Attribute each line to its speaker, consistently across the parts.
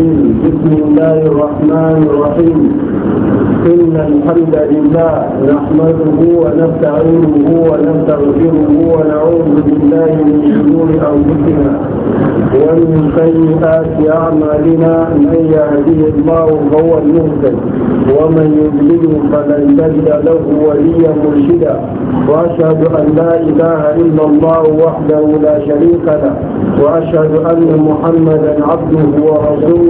Speaker 1: الرجيم بسم الله الرحمن الرحيم إن الحمد لله نحمده ونستعينه ونستغفره ونعوذ بالله من شرور أنفسنا ومن سيئات أعمالنا من يهده الله فهو المهتد ومن يضلله فلن
Speaker 2: تجد له وليا مرشدا وأشهد أن لا إله إلا الله وحده لا شريك له وأشهد أن محمدا عبده ورسوله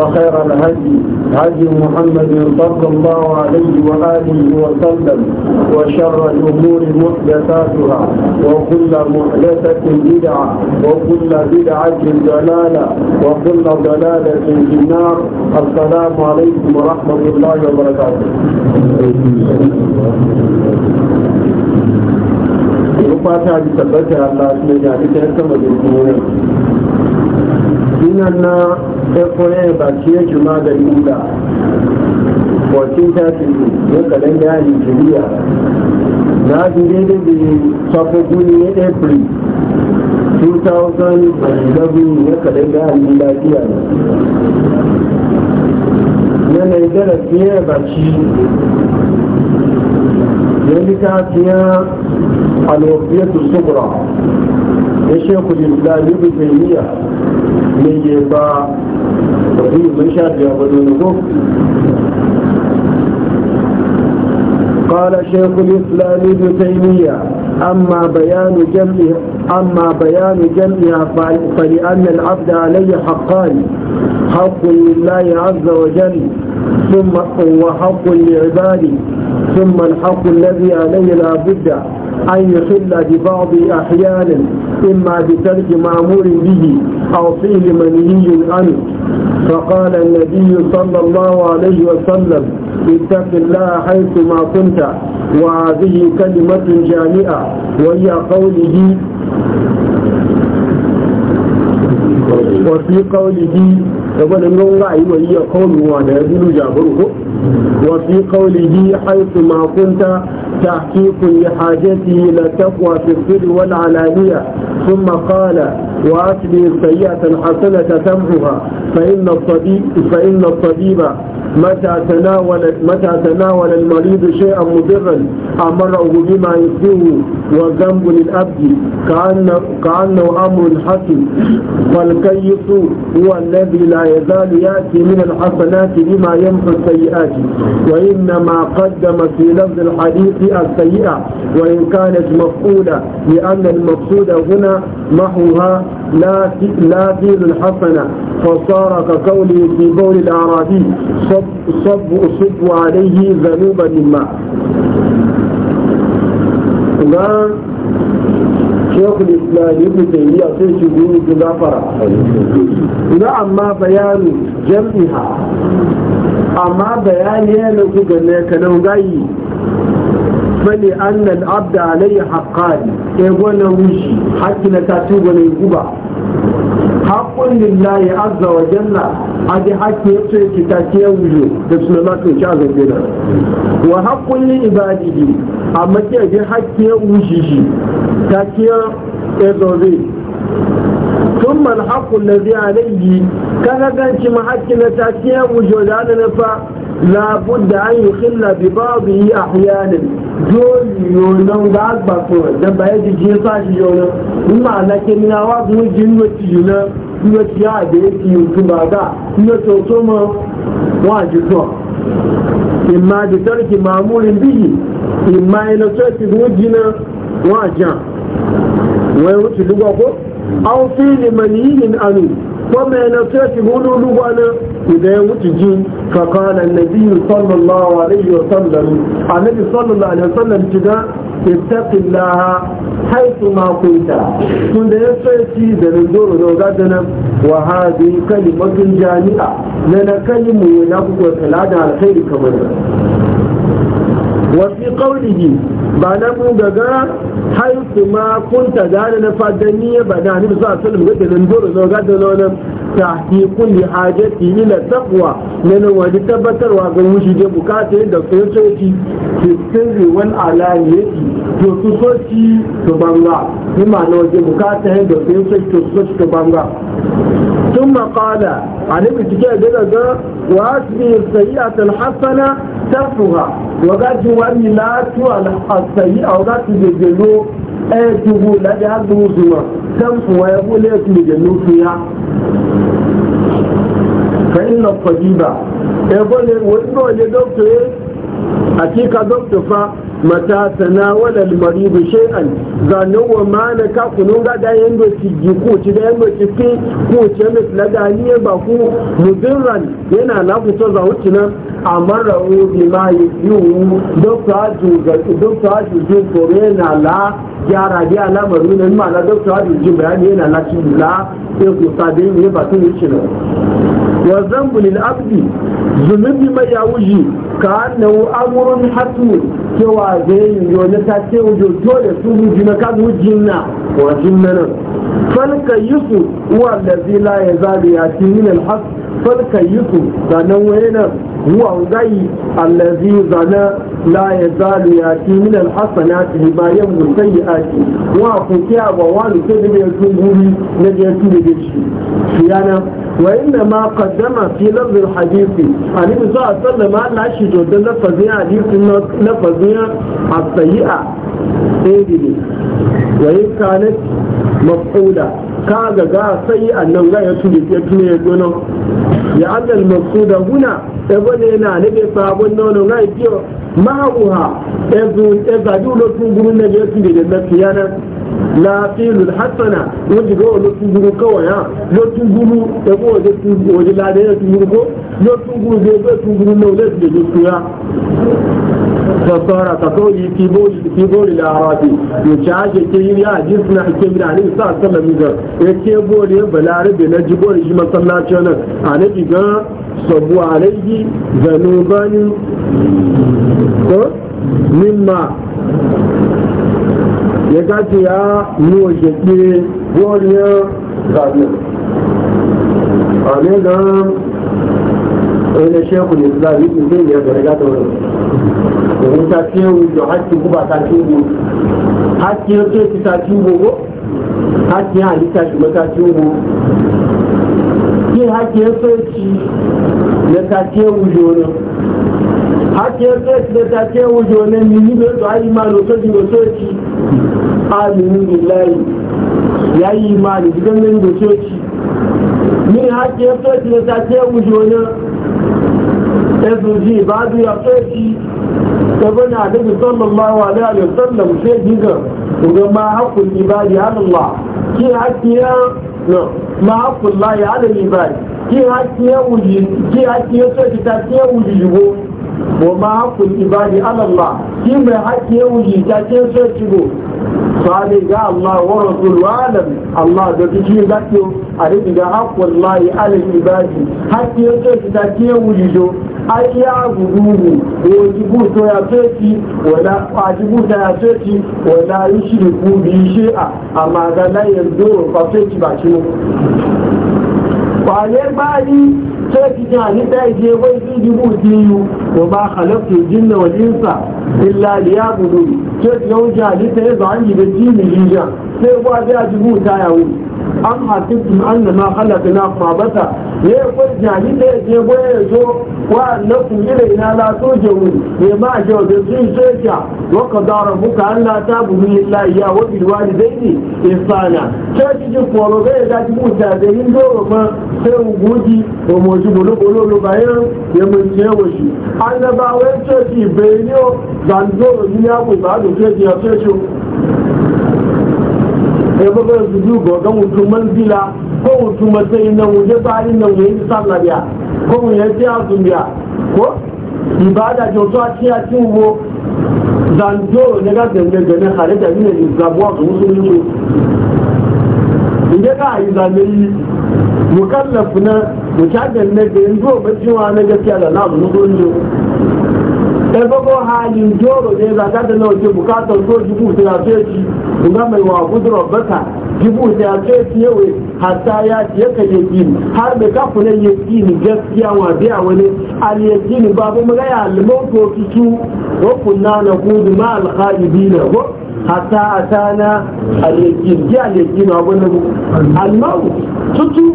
Speaker 2: وخير الهدي هدي محمد صلى الله عليه وآله وسلم وشر الأمور محدثاتها وكل محدثة بدعة وكل بدعة ضلالة وكل ضلالة في النار السلام عليكم ورحمة الله وبركاته Rufata ji tabbata Allah ne jami'ai sama da kuma dinan na ekoye ba
Speaker 1: ciye juma da yuda 1432 ya kadan da ya nigeria
Speaker 2: na fi daidai da safogu ne april 2011 ya kadan da kalanda ya nigeria ne yanayi darasi ya baci ya litafiya alwafiyatu subra ya shekul islam ibn taymiyyah قال شيخ الإسلام ابن تيمية أما بيان جمعها أما بيان جمعها فلأن العبد عليه حقان حق لله عز وجل ثم وحق لعباده ثم الحق الذي عليه لا بد أن يحل ببعض أحيانا إما بترك مأمور به أو فيه منهي عنه فقال النبي صلى الله عليه وسلم اتق الله حيث ما كنت وهذه كلمة جامعة وهي قوله وفي قوله يقول قوله وفي قوله وفي قوله يدل جابره وفي قوله حيث ما كنت تحقيق لحاجته للتقوى في السر والعلانية ثم قال وأكبر السيئة الحسنة تمحها فإن الطبيب, فإن الطبيب متى تناول متى تناول المريض شيئا مضرا أمره بما يصيبه والذنب للأبد كأنه, كأنه أمر حسن فالكيس هو الذي لا يزال يأتي من الحسنات بما يمحو السيئات وإنما قدم في لفظ الحديث السيئة وإن كانت مفعولة لأن المقصود هنا محوها لا لا فيل الحسنة فصار كقوله في بول الأعرابي صب صب صب عليه ذنوبا ما شيخ الإسلام ابن تيمية سيش يقول جغافرة أما بيان جمعها أما بيان يلوك جنة كنو fali annal abda alayhi haqqan e gona wuji hakki na ta tu gona guba haqqun lillahi azza wa jalla adi hakki yato yake ta ke wujo da sunan Allah to cha zabe da wa haqqun li ibadihi amma ke ji hakki ya wuji shi ta ke e zobe ثم الحق الذي عليه كذا كان شي محكي نتاكيه وجودان نفا labudda an yi khilla bi babu yi a hiyanin dole yonon ga agba kuma dan ba yadda ji sa shi yonon in ma na kenya wa kuma jin wata yuna kuma tiya da ya fi yutu ba ga kuma toto ma wa ji so in ma da tarki mamurin biyi in ma yana tarki wuji na wa jan wai wuce duba ko an fi limanin anu ومن سيتي هلو لغانا إذا يوتجين فقال النبي صلى الله عليه وسلم النبي صلى الله عليه وسلم كذا اتق الله حيث ما كنت كنت يسيتي دلندور لغادنا وهذه كلمة جامعة لنا كلمة ونبوة ثلاثة على خير كمان وفي قوله ba na mu gaga haiku ma kun ta gane na fadani ya ba na hannun sa sun ga da nan doro na gada na wannan tahqiqun li na ila na nan wani tabbatarwa ga wuce da bukata yadda sojoji ke sirri wal alaniyati to su soci su banga ni ma na waje bukata yadda sojoji to soci su banga ثم قال عليك تجاه جدا وأتبه السيئة الحسنة ترفها وقالت وأني لا السيئة وقالت بجلو أتبه لدي هذا وزوى ترفها يقول لك بجلو فيها فإن الطبيبة يقول لك وإنه لدكتور hakika dokta fa mata tanawala almaridu shay'an zanen wa mana ka kunun ga da yando ci jiku ci da yando ci ki ko ci da ladani ba ku mudirran yana ku to za wuce nan amara wu bi ma yiwu dokta ju ga dokta ju ju ne na la gyara bi alamarin nan ma la dokta ju ju bayani yana la ci la ko ku sabe ne ba tun ci ne wa zambu lil abdi zunubi mai ya wuji ka annahu amrun hatu cewa zai yi yo ne ta ce wujo dole su wuji na kan wujin na wajin nan fal yusu huwa allazi la yazalu yati min al fadka yusu zanen wayena huwa gai allazi zana la ya zalu ya ci min alhasanati hibayen musayyiati wa ku kiya ba wani ke da ya guri na da ya tunguri shi shiyana wa inna ma qaddama fi lafz hadisi? ani bi sa sallama Allah shi to dan lafazin hadith na lafazin as-sayyi'a sai wa in maf'ula kaga ga sai annan ga ya tuli ya tuli ya gono ya annal maksuda huna e bone na ne be sabon nono ga biyo ma'uha e zu e ga du lo tunguru ne ya tuli da lafiya na la filu hasana wani go lo tunguru ko ya lo tunguru e go de tunguru de la de tunguru ko lo tunguru de tunguru no le de tunguru nasara ka so yi ki bori larabi ya ci ake ke yi ya ji suna ake yi na ne sa sallar mi gan ya ke bori ya balarabe na ji bori shi masallaci nan a na ga gan sabu a laifi zanuban ko mimma ya ga gaji ya nuwa shekire ya zanen a ne ga. sai na shehu ne su zaɓi su zai biyar da riga da domin ta shehu da hakki kuma ta shehu hakki ya ce ta shehu ko hakki ya halitta shi mata shehu ke hakki ya ce ci na ta shehu jona hakki ya ce ci na ta shehu jona mini bai su yi ma lokaci da so ci aminu billahi ya yi imani gidan nan da so ci min hakki ya ce ci na ta shehu jona يزوجي بعد يقيتي تبنى عليه صلى الله عليه وسلم شيء جدا وما حق العباد على الله كي حكيا نعم. ما حق الله على العباد كي حكيا وجي كي حكيا سوى كتاب كي وجي جبوه wa ma hakun ibadi alallah shi mai haƙƙi ya wuji ta ke so shigo sale ga Allah wa rasul wa alam Allah da kiji da ke a rikin ga haƙƙun layi alal ibadi haƙƙi ya so shi ta ke wuji jo ai ya guduhu wa jibu to ya so a jibu ta ya so shi wala yi bi sai ki jan ni ta je wai ki ji bu ji yu wa ba khalaqtu jinna wal insa illa liya'budun sai ki yau jan ni ta zo an ji da ji ni ji jan sai ji bu ta yawo an hasibtum annama khalaqnakum abasa ya ko jani ne je boye zo wa na annakum ilayna la tujun ne ma je da sun soja wa qadara buka ta tabudu lillahi ya wa bil walidaini ihsana sai ji ko ga da ji buta da yin doro ma sai guji ko mo ji bolo bolo lo bayan ya mun ce wa shi annaba wai ce ki bayo zan doro ni ya ko ba do ce ya ce ya baba yanzu duga don wutu manzila ko wutu matsayin nan wuje bayan nan ya yi sallah biya ko mu ya ce azun biya ko ibada jo to a ci a ci wo zanjo ne ga gangan ganin halitta ne ne zabuwa ga musulunci inda ka yi zamani mukallaf na mutagen na ga yanzu bacciwa na gaskiya da na ko. ẹgbogbo ha ni ndị ọrụ na eza agada na oche bụ katọ nke ojikwu ute na atụ echi nga mere wa budoro baka jibu ute na atụ echi ewe hata ya ji eke yakin har bai kafu na yakin gaskiya wa biya wani al yakin ba bu maga ya limon ko tutu ko kunna na kudu ma al khalidina ko hatta atana al yakin ji al yakin abun al maut tutu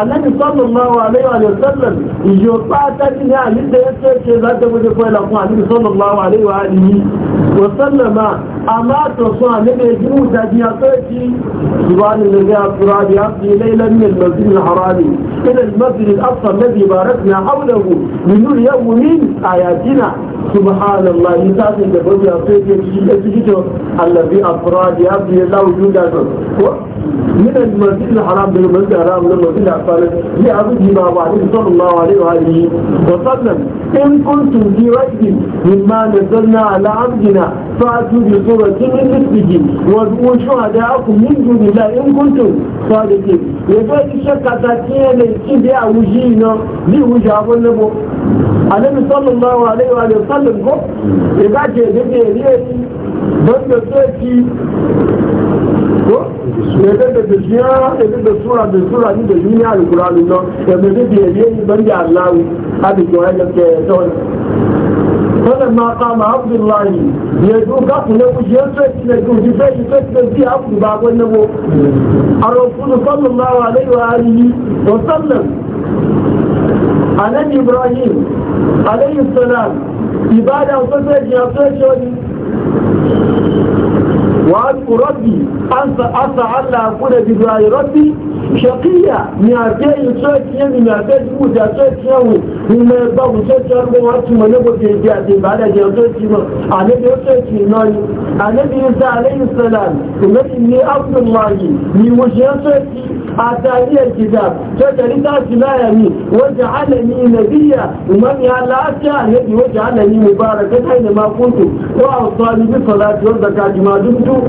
Speaker 2: annabi sallallahu alaihi wa sallam yo pata ni ali da yace ce za ta guje koyi lafun annabi sallallahu alaihi wa alihi wa sallama amma to so annabi ya jiru ta biya soki subhanallahi ya qurabi ya fi laylan min al-masjid al-haram ila al-masjid al-aqsa alladhi barakna hawlahu linuriyahu min ayatina subhanallah ta ce da gobe ya soki shi da shi to allazi afrad ya fi laylan min al-masjid al-haram bil masjid al-haram bil masjid kafar ni abu ji ba ba din sallallahu alaihi wa alihi wa sallam in kuntum fi raqbin mimma nazzalna ala abdina fa'tu bi suratin min mithlihi wa du'u shuhada'akum min dunillahi la in kuntum sadiqin ya ga isha kata tiye ne ki da awuji no ni wuja bon ne bo alaihi sallallahu alaihi wa sallam ko ya ga je ne ne don da ko ne da da jiya da da sura da sura ni da القران انه بده يجي بني الله هذه جوهره تقول فلما قام عبد الله يدوك اصلا وجهتك لجوزي فاشي فاشي في عبد بعض النبو الرسول صلى الله عليه واله وسلم على ابراهيم عليه السلام عباده وصفه يا فاشي وقال ربي انت اسعى الله اقول بدعاء ربي shakiya miyake yi tsoci yanzu miyake dubu da tsoci yawo in mai ba ku tsoci yarbo wacce mana ne ko ji a ce ba da jiya tsoci ba a na biyu tsoci nani a na biyu sa alayhi salam kuma inni abdullahi ni wuce tsoci a tarihar gida tsoci ta ci layami wajen alami nabiya umar ya lafiya na biyu wajen alami mubaraka kai da makuntu ko a wasu wani bi salatu wanda ka jima duk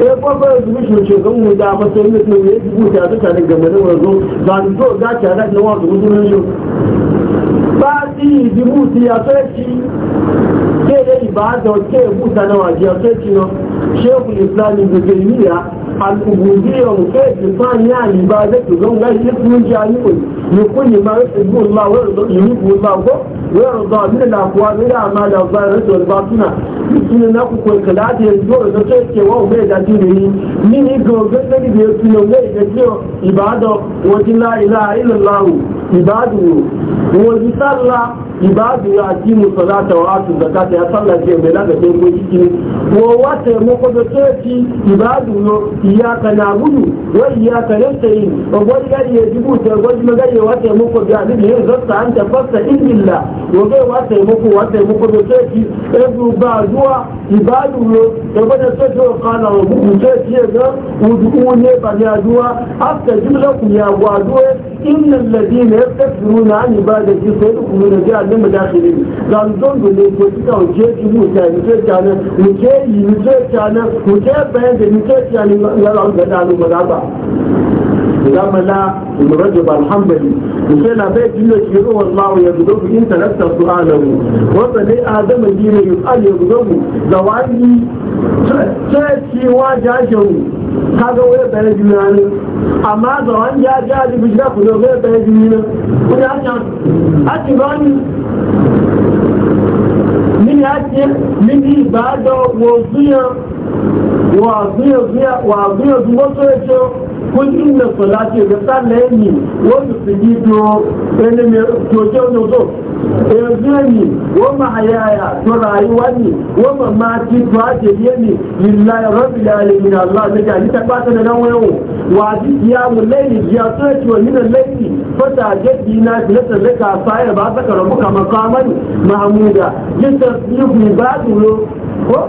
Speaker 2: e kwakwa exhibition shugaban mu da matsayin mutum ya yi buta duka ne game da wanzu ba ni zo za ki haɗa na wasu mutumin shi ba ti di buti ya sarki ke da ibada ke buta na waje ya sarki no shekul islamin da ke yi ya al'ubudiyar ke ki fani ya ni ba zai ki zon gashi kuma jami'ai لكل ما يحبه الله ويحبه الله كو ويرضى من الاقوال الى اعمال الظاهره والباطنه suna na ku kwai kala da yanzu da ta ce wa mai da dini ni ni gogo da ni da su yau mai da ciyo ibada wa la ilaha illallah ibadu wa sallah ibadu ya ji mu salata wa atu zakata ya sallah ke mai laga sai ko ciki wa wa taimako da tsoci ibadu yo iyaka na gudu wa iyaka nastayin wa gwani gari ya jibu ta gwani magari wa taimako da abin yin zasta an tafasta indilla wa gai wa taimako wa taimako da tsoci ebu ba zuwa ibadu yo da gwani tsoci wa kana wa gudu tsoci ya ga wudu ne ba ya zuwa haka jimla ku ya gwaduwa إن الذين يستكبرون عن عبادتي سيدخلون جهنم داخلين قال دون اللي يقولك وجيت موسى وجيت أنا وجيت وجيت أنا وجيت بهند وجيت يعني يا رب العالمين مرحبا لما لا الرجل الحنبلي وشيء لا بيت جل شيرو الله يبدو إن تلقى سؤاله وطني آدم الذين يسأل يبدو زواني تأتي واجعشه kaga waya bẹ̀rẹ̀ jù náà àmà àgbà wọn jẹ́ ajá àdìbò jẹ́ àkùnrin ọ̀gá bẹ̀rẹ̀ jù ní náà ó ní àjà àti bá ní nínú ya ya kun inna salati ga sallaye ni wani su yi to ɗani mai kyokyo na zo ɗaya e, ni wa mahayaya to rayuwa ni wa mamaki to ajiye ni lillahi rabbil alamin Allah ne ga ta ba ta da nan wayo wa ji ya mu laili ya so ci wa min laili fa ta jaddi na bi zaka fa ya ba ta karamu kama kaman mahmuda yasbihu ba'du ko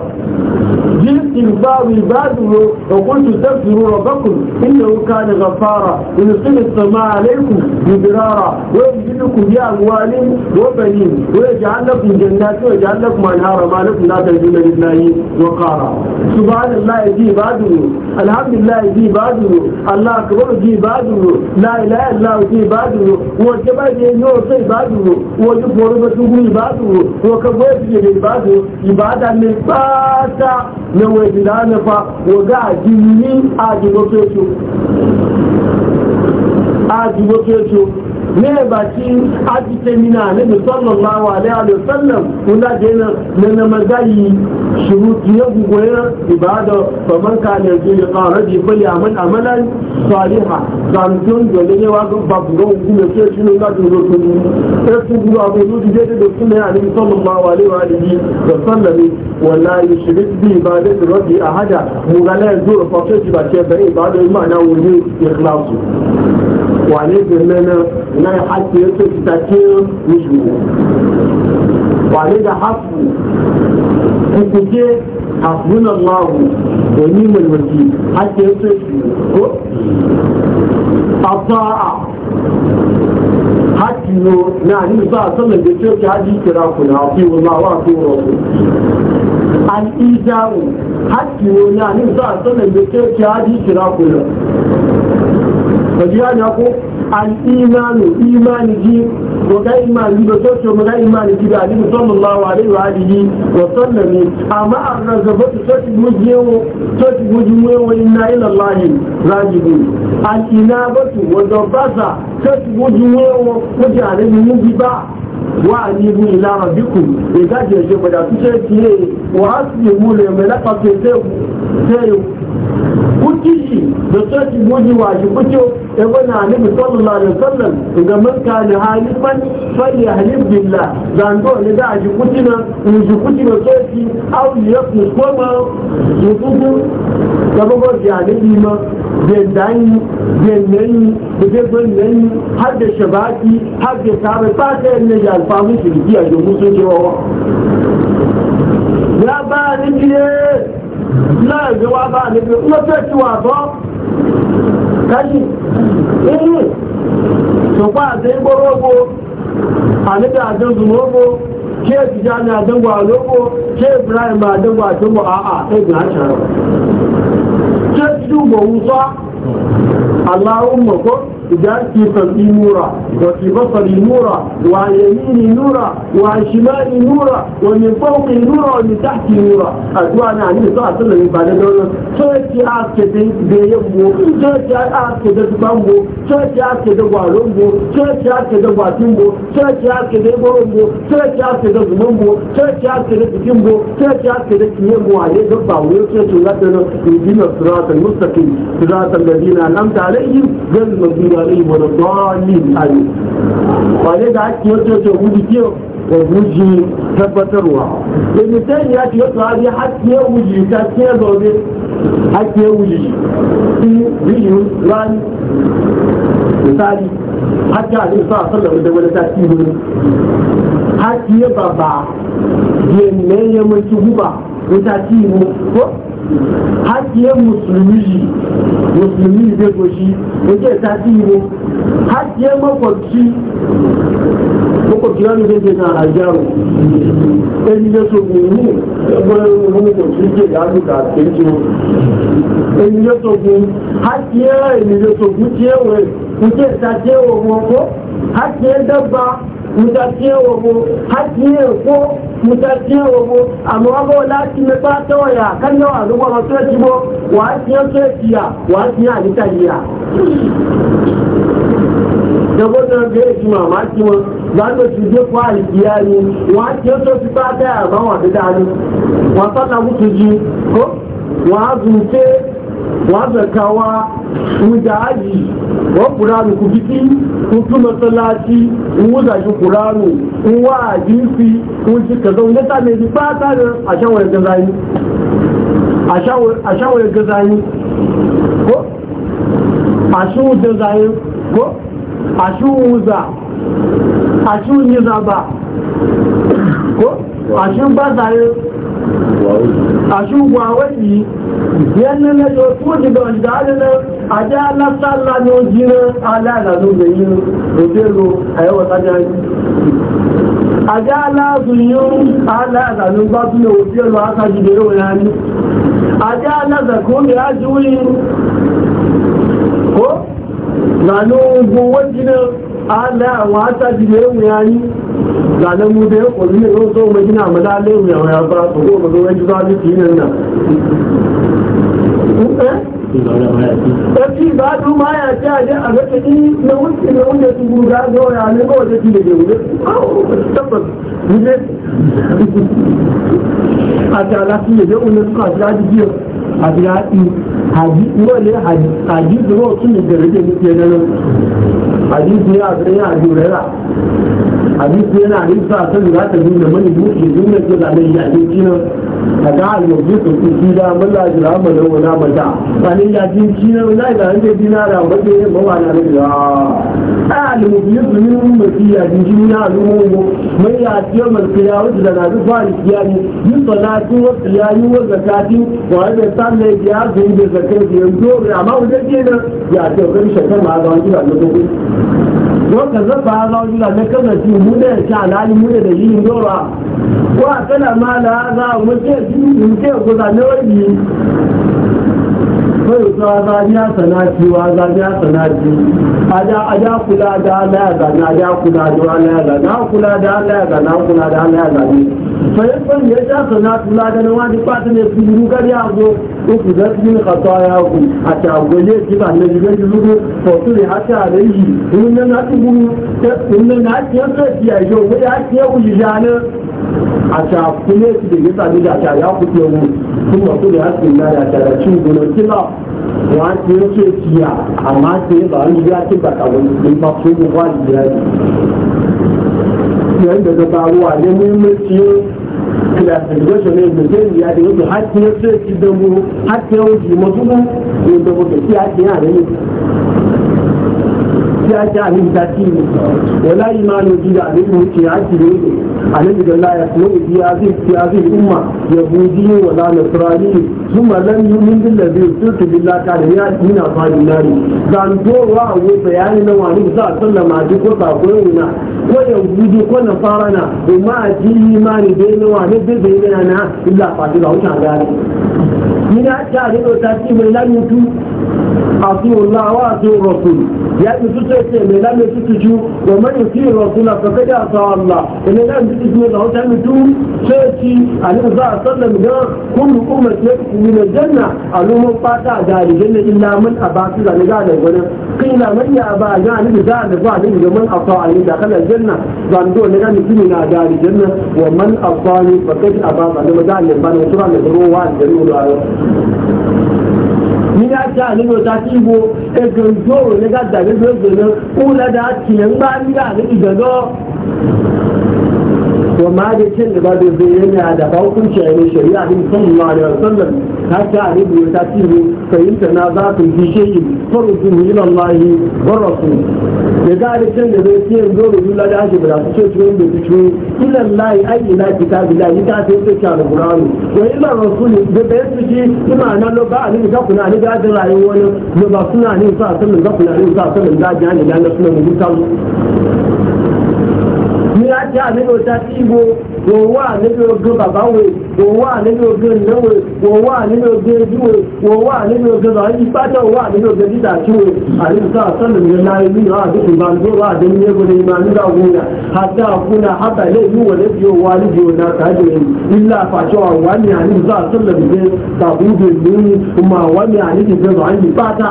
Speaker 2: jin ibabi badu wa kuntu tadru rabbakum inna huwa kana ghafara in sinu sama alaykum bidrara wa yujidku bi alwalin wa banin wa yaj'alukum jannatin wa yaj'alukum anhara ma lakum la tajidu lillahi wa qara subhanallahi ji badu alhamdulillahi ji badu allah akbar ji badu la ilaha illallah ji badu wa jabaje yo sai badu wa yuboru ba tugu ibadu wa kabo ibadu ibada ne fata na waje da na waga a jini a jibo ne baki aji ta mina ne da sallallahu alaihi wa sallam kula da yana na na magayi ya gugoya ibada fa man ka ne ji ya qara ji fa ya man amalan saliha zan tun da ne wa ga babu ga ku ne sai shi ne ga duro to ni sai ku duro abu du je da sunna ya ne sallallahu alaihi wa alihi wa sallam wala yushrik bi ibadati rabbi ahada mu ga la zuru fa sai ba ce bare ibada ma'ana wuri ikhlasu وعليه بمنا لا يحد يترك تأثير مش مهم وعليه ده حفظه انت كي حفظون الله ونيم الوزيد حتى يترك فيه الضاعة حتى يو نعني نعم، صلى الله عليه وسلم يترك هذه الكرافون عطيه الله وعطيه الله الإيزاء حتى يو نعني صلى الله عليه وسلم يترك هذه الكرافون ba ji yana ko al'imanu imani ji ko ga imani ba so ce mu ga imani ji da alibi sallallahu alaihi wa alihi wa sallami amma an razaba su so ci gujewo so ci gujewo inna ila allahi rajibun al'inabatu wa dabasa so ci gujewo ko ji alibi mu ba wa anibu ila rabbikum ega jeje bada tuje tiye wa aslimu le mela papete teyo kutiji da soki muji wa shi kuto e wana anibu sallallahu alaihi wasallam ga man kana halifan fali halif billah zando ne da shi kutina in shi kutina soki au ya kuma yutubu da bago ya ne ma den dani den nani da den nani har da shabaki har da sabai ba ta ne ya and family to domin sun wawa ya ba ni fiye láàrin ba ni fiye kuma fẹ́ ti wà bọ́ kashi eyi sọ̀pá àti gbọ́rọ̀ ogbó àníkà àti zùmọ̀ ogbó a ìtìjáni àdégbò àlógbò ṣé ibrahim àdégbò àdégbò جاءت في قلبي نورا وفي بصري نورا وعن يميني نورا وعن شمالي نورا ومن فوقي نورا ومن تحتي نورا أدوانا عن النبي صلى الله عليه وسلم بعد ذلك سويتي أعسك بيبو سويتي أعسك بيبو سويتي أعسك بيبو سويتي أعسك بيبو سويتي أعسك بيبو سويتي أعسك بيبو سويتي أعسك بيبو سويتي أعسك بيبو عليه ضبع ويوتي سويتي أعسك بيبو سويتي أعسك بيبو سويتي أعسك بيبو سويتي أعسك بيبو سويتي أعسك بيبو سويتي أعسك بيبو سويتي أعسك بيبو سويتي عليهم ولا الضالين أيوه وعليه قعدت يوتيوتي وقولي كيو وجي tabbatarwa ibn tayyib ya ce yau sahabi hakkiye wuji ta ce zaune hakkiye wuji in biyu ran misali hakki a sa sallar da wani tafi wurin hakkiye baba ya ne ya mutu guba wuta ci mu ko hakiyar musulmi musulmi zai goshi wuce ta ci mu hakiyar makwabci makwabci wani zai zai na o ɗan yi so gumu ɗan makwabci ke da hannu ka ɗan ci mu ɗan yi so gumu hakiyar ɗan yi so gumu ce wai wuce ta ce wa mako hakiyar dabba mutatiye wogo hatiye ko mutatiye wogo amma wago lati me ba toya kan yawa ruwa ba to jibo wa tiye to tiya wa tiye ani taliya da wannan ga yi mamaki wa za ta tuje kwa alkiya ne wa tiye to ti ba ta ya ba wa da dani wa sanna mutu ji ko wa zunce wa zakawa mujaji wa ƙuranu ku biki ku tu masallaci in wuza shi ƙuranu in wa jinsi shi ka zaune ta mai ba ta da a shawarar a shawarar ko a ko a wuza a ko ashin bazare ashin gwawaki yanni na yau kuma daga wanda adana a ji alasta Allah ne oji na alala zo da yi rojero a yawa tajari a ji alazu yi alala ne ba su ne aka ji da yau ya ni a ji alaza ko ne ko zanen gwawaki na ala wata jibe wuyani ga nan mu da ya kulli ne zo zo magina amala lai wuya ya fara ko go go wani zali tinin nan Tafi ba du ma ya ce a je a ga kini na wuce na wuce su guda ga waya ne ba wajen da ke wuce. Awo, tabbas, wuce. A ta lafiya da wuce su a jaji biyar. àbíyáàtì wọ́n lé àdìsí wọ́n tún lè gẹ̀rẹ́gẹ̀ ní ti ẹ̀dẹ́ lọ àdìsí da àjò rẹ̀ rà àdìsí ẹ̀nà àdìsí àtẹ̀yìn láti ẹ̀dùn lẹ̀ mọ́ni bú ìlú mẹ́tò lálẹ́ ìyá ní kí náà àgá àyọ̀ bí kò sí sí sannan ya zai da zakar biyan dole amma wajen kenan ya ce kan shakar ma ga wani da gobe wanda zafa za wani da na kaza ci mu da shi alhali mu da dalilin dora a kana ma la za mu ce mu ce ku da wani kai za za ya sanati wa za a sanati aja aja kula da Allah ya zana aja kula da Allah ya zana kula da Allah ya zana kula da Allah ya zana fayin fayin ya ja sana tula da nan wani ba ta ne su yi rugar ya zo uku za su yi na kasuwa ya ku a ta goye ji ba na jirgin ko to su ne haka yi in na na tubu in na na ciyar a yau ko ya ci ya ku ji a ta kule su da ya sami da ta ya ku ce mu su ma su ne haka na da ta da ci gudun kila wa ci ya ce ciya amma ce ba wani ya ci ba ta wani ba su ku ba ni ya ci. yayin da ta faruwa ne muhimmanci classification ne da zai ya da yake hakki ya ce ki dabu hakki ya wuce masu ne da mutum ya ce ne tí a jẹ́ àríwá tí wọ́n láyé máa lò bí àríwá tí a ti lè àlejò gan láyà tí wọ́n di àti ti àti ìmà yẹ̀bù bí wọ́n lánà sọ́ra ní ìtumọ̀ lẹ́nu ní nílẹ̀ wa àwọn bẹ̀yàní náà wà ní ìsá àtúnlá máa ko ya gudu ko na fara na ko a ji imani bai nawa ne bai bai yana na illa fati ba wuce a gari. Ni na ta a ta ci mai lamutu اطيعوا الله واطيعوا الرسول يعني تسوي من لم تتجو ومن يطيع الرسول فقد اطاع الله ان لم تتجو له تعملوا سيتي على الرسول صلى الله عليه كل امه من الجنه علوم فاتا دار الجنه الا من ابى تزال قال ولا قيل من يا ابا جان اذا نبغى من اطاع دخل الجنه قال دول لنا من دار الجنه ومن اطاعني فقد ابى قال ما قال لي بان وترى الجنه nígbà tí àlejò ta ti wo ẹgbẹ́ ìjọ́rò nígbà tí àlejò ìgbẹ́ náà kú lẹ́dàá tiẹ̀ ń bá nígbà àlejò ìgbẹ́ to ma da cin da babu zai yana da hukunci a yi shari'a din sallallahu alaihi wasallam ta ce ta alibu ta ci ne fahimta na za ku ji shi faruku ilallahi wa rasul da za da cin da zai ce yin zo da jula da ake bada su ce su yin da su ayi na ai bila yi ta ce ta ci alqur'ani wa ila rasuli da bai su ce kuma na lo ba alibi ka kuna gajin da wani ne ba suna ne sa sallallahu alaihi kuna ne sa sallallahu alaihi wasallam da na suna mu ta láti àmì ló dá ibo òun wà níbi ogun bàbá wèé wọ́n wà nínú oge ìnáwó wọ́n wà nínú oge ìdíwò wọ́n wà nínú oge ìrọ̀lẹ́ ìpátá wọ́n wà nínú oge dídà tí wọ́n àríwísá àtọ́nà ní láyé ní ìhà àdúgbò bá ń gbé wà dé ní ego ní ìmọ̀ nígbà wo ya àti àkúnà àtà ilé ìlú wọlé tí ó wà níbi ọ̀nà àtàjọ yìí ilé àfàṣọ àwọn àmì àríwísá àtọ́nà ní tàbí ìgbèlú ọmọ àwọn àmì àríwísá àtọ́nà ní pátá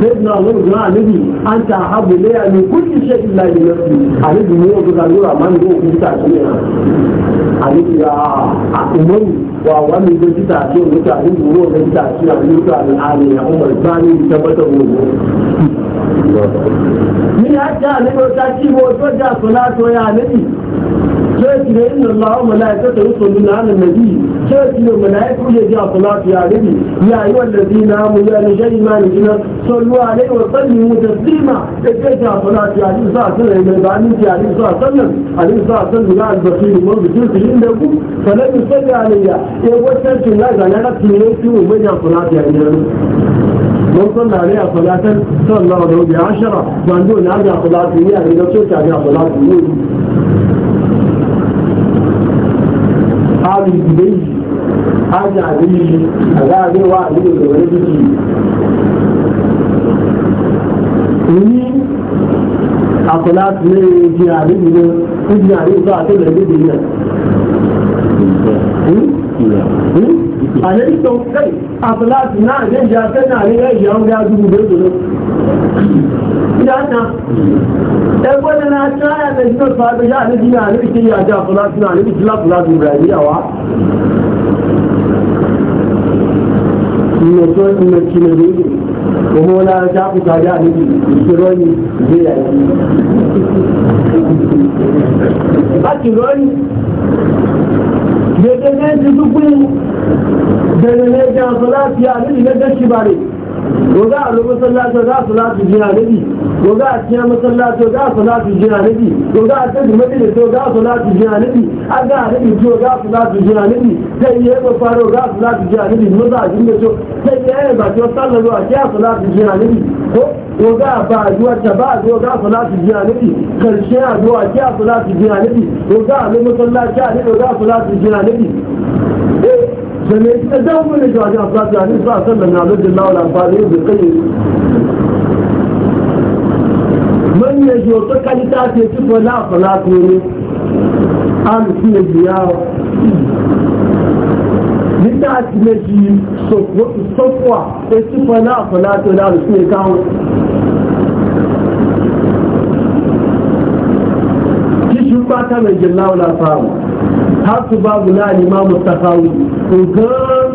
Speaker 2: سيدنا عمر بن علي انت احب الي من كل شيء الا لنفسي علي بن عمر بن عمر من هو في تعزيه علي يا عمر wa wani ko kita ji mu ta ni duro ne kita ji a ni ta ni a ni Umar ta bata mu ni ya ja ne ko ta ji wo to ja sala to ya ne ji ke ki ne inna Allahu malaikatu yusalluna ala sai yo malaiku ya ji salatu ya nabi ya ayu allazina amanu ya rijal iman ina sallu alaihi wa sallimu taslima sai ji salatu ya nabi sa sallallahu alaihi wa sallam ya nabi sa sallam alaihi sa sallam ya al-basir mun bi shi inda ku falan yusalli alayya ya wata tun la ga na tiye ki mu ya salatu ya nabi من صلى عليها صلاة صلى الله بها عشرة وأن دون هذا صلاة هي إذا صرت عليها صلاة هذه البيت hajji abinci a za a zai wa abin da wani jiki ni a kula su ne jinari ne su jinari za a ta da gudu nan a ne ito kai a kula su na ne ja ta na ne ya yi yawon ya dubu da gudu ìdáná ẹgbẹ́ nínú ajá ẹ̀ẹ́dẹ́gbẹ́ fàájọ́ yá àlejò yá àlejò yá àjá fúlásí náà àlejò fúlásí náà ìbúra ìyá wa نسوء نسي نريد وهو لا تعقل تعجع به سروني زي أكيروني Gẹ́gẹ́gẹ́ ti dúpín gẹ̀rẹ̀lẹ́ jẹ́ àṣọ láti àrílẹ̀ gẹ́gẹ́ ṣìbàrẹ̀. Ògá àlọ́gbọ́sọ́ láti ọ̀dá àṣọ láti jẹ́ àrílẹ̀. to za a cikin masallaci to za a salatu jina nabi to za a cikin majalis to za a salatu jina nabi an ga nabi to za a salatu jina nabi sai ya ba faro za a salatu jina nabi mu za a jin da to sai ya yi ba to sallallahu a kiya salatu jina nabi ko to za a ba zuwa ta ba zuwa za a salatu jina nabi karshe a zuwa kiya salatu jina nabi to za a mai masallaci a nabi za a salatu jina nabi sannan eh, ya ci da dawo mana jawajen a salatu jina ba a sallallahu alaihi wa na da lawala ba da ne da kai man ya zo ta kalita ce su fala fala ko ne an fi ne biya nígbà tí lè fi sọ́pọ̀ ètí fọ́lá àfọ́lá tó láàrín sí ẹ̀káwọn kíṣù pátá mẹ́jẹ̀ láwọn láfáàwọn hátù bá wùlá ní máa mọ̀ tàfáwọn ògán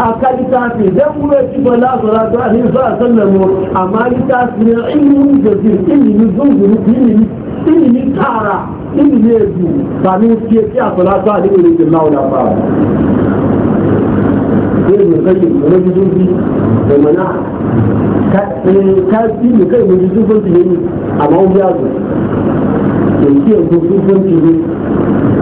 Speaker 2: a ka littafi dan kuma ci ba la zara ta ne sa sallamu amma littafi ne ilimin da zai ilimin zunguru ilimin ilimin tara ilimin ya zu ba ne ke ci a sala ta ne wani ke launa ba zai mu kai mu na jizubi da mana ka ci mu kai mu jizubin ne amma wani ya zo yanzu yanzu sun sun ne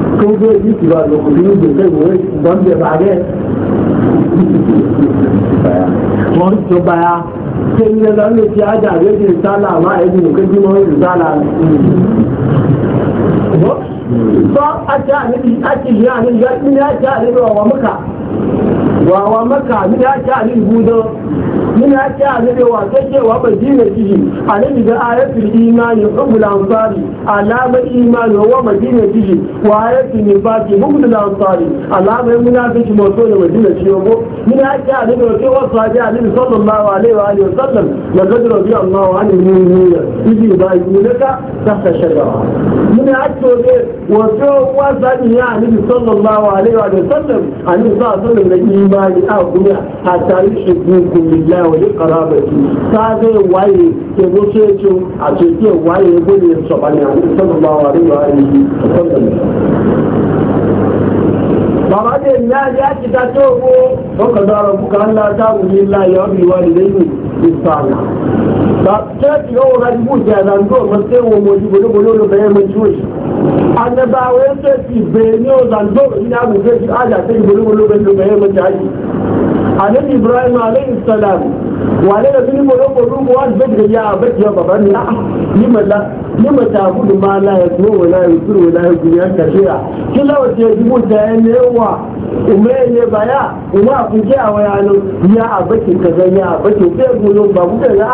Speaker 2: kan zo yi ki ba da kuɗi da kai wai ban da ba ne wọ́n tó báyá ṣe ní ẹgbẹ́ ló ti ájà àgbẹ̀ ti sálà máa ẹni nìkan tí wọ́n ń sálà. Bọ́ ajá níbi ajílẹ̀ àníyá níbi ajá níbi ya mẹ́ka. Wàwọ́ mẹ́ka من أتى على واسكة ومدينة تجي على آية الإيمان حب الأنصار علامة الإيمان هو مدينة تجي وآية النفاق حب الأنصار علامة المنافق موصول مدينة تجي من أتى على واسكة عليه صلى الله عليه وآله وسلم لقد رضي الله عن المؤمنين إذ منك تحت الشجرة من أتى وسوء واسكة يعني صلى الله عليه وآله وسلم أن صلى الله عليه وسلم الإيمان أو حتى يشركوا بالله wani karabati ta zai waye ke wuce ce a ce ke waye gudu ya saba ne a cikin sallallahu alaihi wa alihi sallallahu bàbá dè ní àjẹ́ àtìta tó owó ọkọ̀dọ̀ ọ̀rọ̀ bùkà ńlá táwọn ní ńlá yọ bí wà ní lẹ́yìn ìsànà tẹ́ẹ̀tì yóò rẹ̀ bù jẹ́ àdàndó ọmọ tí wọ́n mọ̀ ojú gbogbo lórí bẹ̀rẹ̀ mọ̀ tí ó yìí anẹ́bàwọ̀ ẹ̀ tẹ́ẹ̀tì bẹ̀rẹ̀ ní ọ̀dàndó ní àgùnfẹ́ àjà tẹ́ẹ̀tì gbogbo lórí bẹ̀rẹ̀ mọ̀ tí annabi ibrahim alayhi salam wale da bin mu roƙo ruku wa da ya abaci ya baba ni a ni mala ni mata gudu ma la ya ko wala ya zuru wala ya ya kashira kila ne wa umayyar baya kuma a kuje a waya wayanin ya a bakin ka zan ya a bakin sai gulun ba kuka za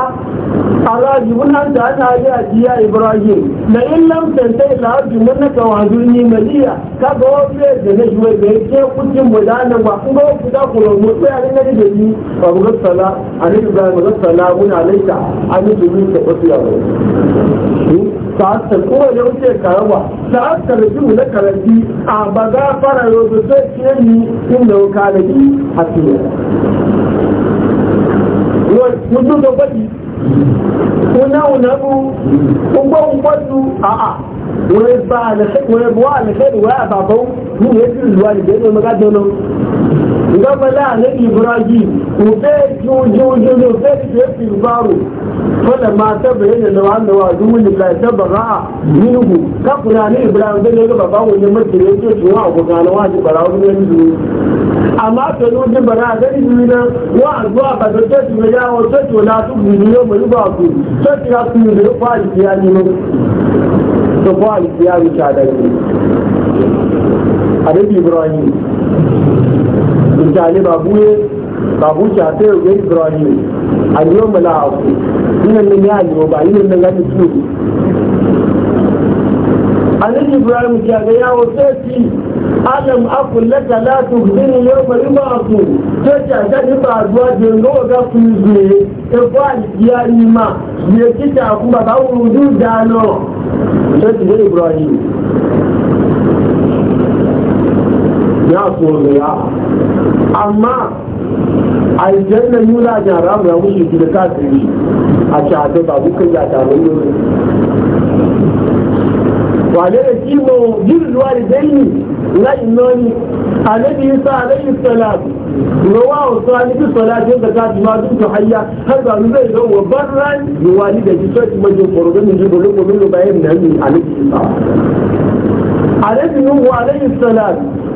Speaker 2: a raji wannan da ana yi a jiya ibrahim na in lamsan sai lahaji wannan ka wazu ni maliya ka ga wasu da na shi wai bai ke kucin mu da nan ba kuma ku da ku romo sai a rinka da ni ba ku gassala a rinka da mu sala muna laita a rinka yi ta wasu ya bai hmm? sa'asar kuma ya wuce karawa sa'asar shi mu na karanti a ba za fara yau da sai rabbi innahu kana bi hasiya mun tun da gwadi kuna unabu ugbo ugbadu a'a wani ba wani buwa alkhairu wa babau mu ne su zuwa da yadda maka dono gaba la na ibrahim ube jujujuju fe kada ma tabba yadda na wanda wa duk wani bai tabba ga a minuhu ka kuna ne ibrahim da ne ga babba wani mace ne ke tuwa a kuka na wani bara wani ne zuwa amma ta nuna bara da ne zuwa na wa a zuwa ba da ta tuwa ya wa ta tuwa na su biyu ne mai ba ku ta tuwa su yi da ya kwa da ya nemo ta kwa da ya wuce da ne a ibrahim misali ba buye babu shi a sai ga ibrahim aliyu mala aku ina nan ya aliyu ba ina nan ga su alin ibrahim ya ga yawo sai ci alam aku laka la tuhdini yawma yub'athu sai ta ga ni ba zuwa jin ga ga ku zuwe e ba ya ni ma ne kita kuma ba wudu da no sai ga ibrahim ya so ya amma aljanna yula ja ramu ya wuce ki da kafiri a shafe ba ku kai ya ta mai wale da kimo jirzuwa da daini na inoni annabi isa alayhi salam rawahu salihu salatu da ka ma duk to hayya har ba mu zai gawo barran yuwali da ji sai mu je korgo mu je bolo ko mun bayan nan annabi isa alayhi nuhu alayhi salam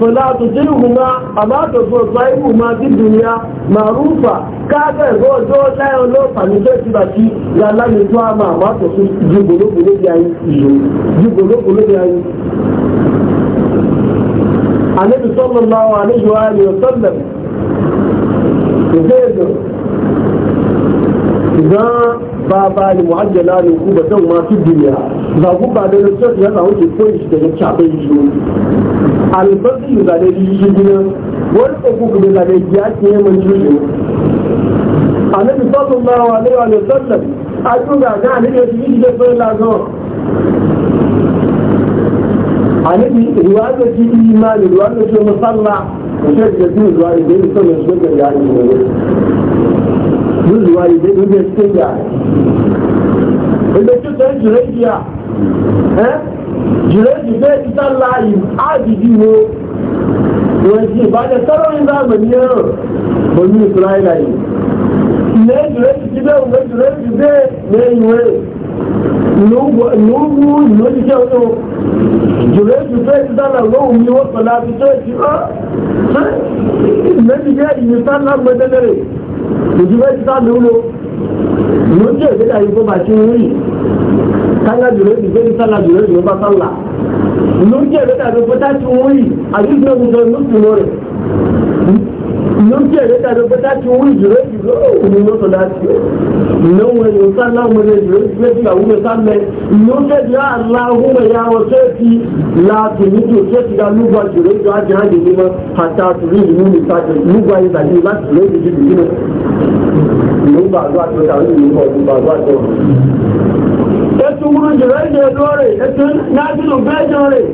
Speaker 2: فلا تطيعهما أما تصاحبهما في الدنيا معروفة كاغر هو جو لا يلو فنجو تباتي لا لا نتوى ما ما تصيب جبلو بلو بيان جبلو بلو بيان النبي صلى الله عليه وآله وسلم يقول إذا baba ni mu'ajjala ne ku ba zan ma fi duniya ba ku ba da rutsa ya zawo ke koyi daga chabe yi albasu da da yi gina wani uku da da da ya ce mun juju annabi sallallahu alaihi wa sallam a yi ga annabi shi shi da sallallahu alaihi wa annabi riwayo ji imani riwayo ji musalla ko shi da ji riwayo da yi sallallahu alaihi wa sallam ya yi riwayo da yi da shi da inda cutar jiraiya eh jùlẹ́jì bẹ́ẹ̀ títà láàyè áàdìdì wo wọ́n ti ìbájẹ́ tọ́lọ́rin bá mọ̀ ní ẹ̀rọ pẹ̀lú ìsúláìlà yìí ilẹ̀ jùlẹ́jì ti bẹ́ẹ̀ wọ́n jùlẹ́jì bẹ́ẹ̀ lẹ́yìn rẹ̀ lówó ìlójíṣẹ́ ọ̀tọ̀ jùlẹ́jì bẹ́ẹ̀ títà láàrùn mi wọ́n pẹ̀lú àti tọ́ẹ̀tì ọ́ ìlẹ́jì bẹ́ẹ̀ ìyẹ̀sán lágbẹ̀dẹ́dẹ́rẹ̀ ìjùlẹ́jì tá kanga duro duro ni sallah duro duro ba sallah nurje da ta ko ta ci wuri a duk da mun mun tunore nurje da ta ko ta ci wuri duro duro ni mo da ci non wa ni sallah mo ne duro ne ta wu sallah nurje ya allahumma ya wasati la tunitu ke ti ga lugwa duro duro a jihadi ni ma hatta turi ni ta lugwa ni da ni la duro duro ni ni lugwa do a to ta ni ko túnmúrú jẹ̀rẹ́ ìjẹ̀dọ́ rẹ̀ ètò náàbínú bẹ́ẹ̀jọ rẹ̀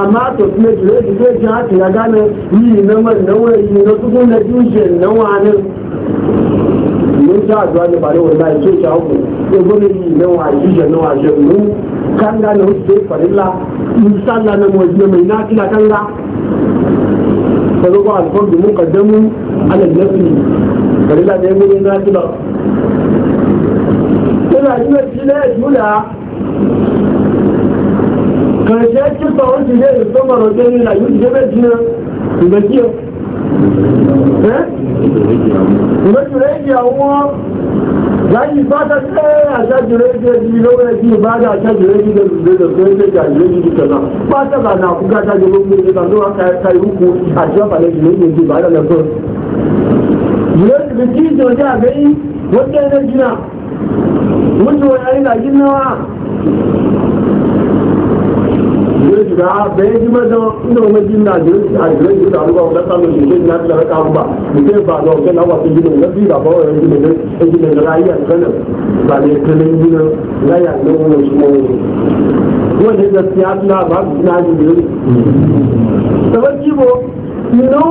Speaker 2: àmá tó fi méjì lórí ìdílé jẹ́ àti àdánà yìí ìnáwó ìnáwó èyí ìná tó gún lẹ́jú ìṣe ìnáwó àná ìlú jẹ́ àdúrà ní balẹ̀ wọn láì tó suna yi mai jina ya juna karshe kirta wani jina ya so mara wajen yi jina jina ga kiyo eh kuma jure yi yawon láyé ìbáta tẹ́ àjájúrẹ́ jẹ́ bí lọ́wọ́ ẹbí ìbáta àjájúrẹ́ jẹ́ lọ́wọ́ ẹgbẹ́ àjúrẹ́ jẹ́ ìjọba pátábà náà fúgá jáde lókè nípa tó wá ka ìrúkú àti ọ̀pàlẹ̀ ìjìnlẹ̀ ìjọba ìbáta lẹ́kọ̀ọ́. ìrẹsì bí kí ìjọba yi wọ́n tẹ́ ẹgbẹ́ jìnnà wanda wani yana jin nawa zai shiga bayan ji mazan inda wani jin na a gidan jin ta abubuwa wanda samun shi na da raka abubuwa mutum ba da wajen abuwa sun gina na biyu ba ba wani gina da ya gina da rayuwa kanan ba da ya kanan gina rayuwa na wani shi mawani wanda gaskiya suna ba su suna jin gidan. Sabar kibo, no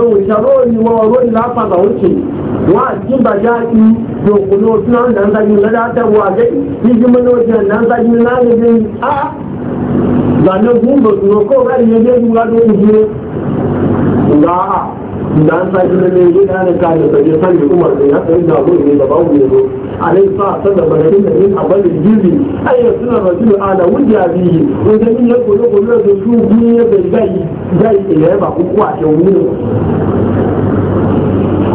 Speaker 2: ló ń ṣàró ìwọ ọ̀rọ̀ ìlà àpàlà òkè wọn àti bàjá ti yòókù ní oṣù náà nà ń sájú lọ́dá tẹ̀wọ́ àjẹ́ yíyí mọ́ ní oṣù nà ń sájú láàyè bí a gbàdé fún bòtùrò kó o bẹ́ẹ̀ yẹn déjú wá lórí ìdílé nga a nà ń sájú lọ́dá yìí náà ní káyọ̀ tẹ̀lé sáyẹ̀ kó màlúù yà sẹ́yìn náà bó ìwé bàbá wù ale fa sanda bana ina yin abal jiri ayyuka suna rasul ala wujabi wajen ne kolo kolo da su biye da yi. jẹ́ ìyẹn ẹ̀bà púpọ̀ àti òun nínú.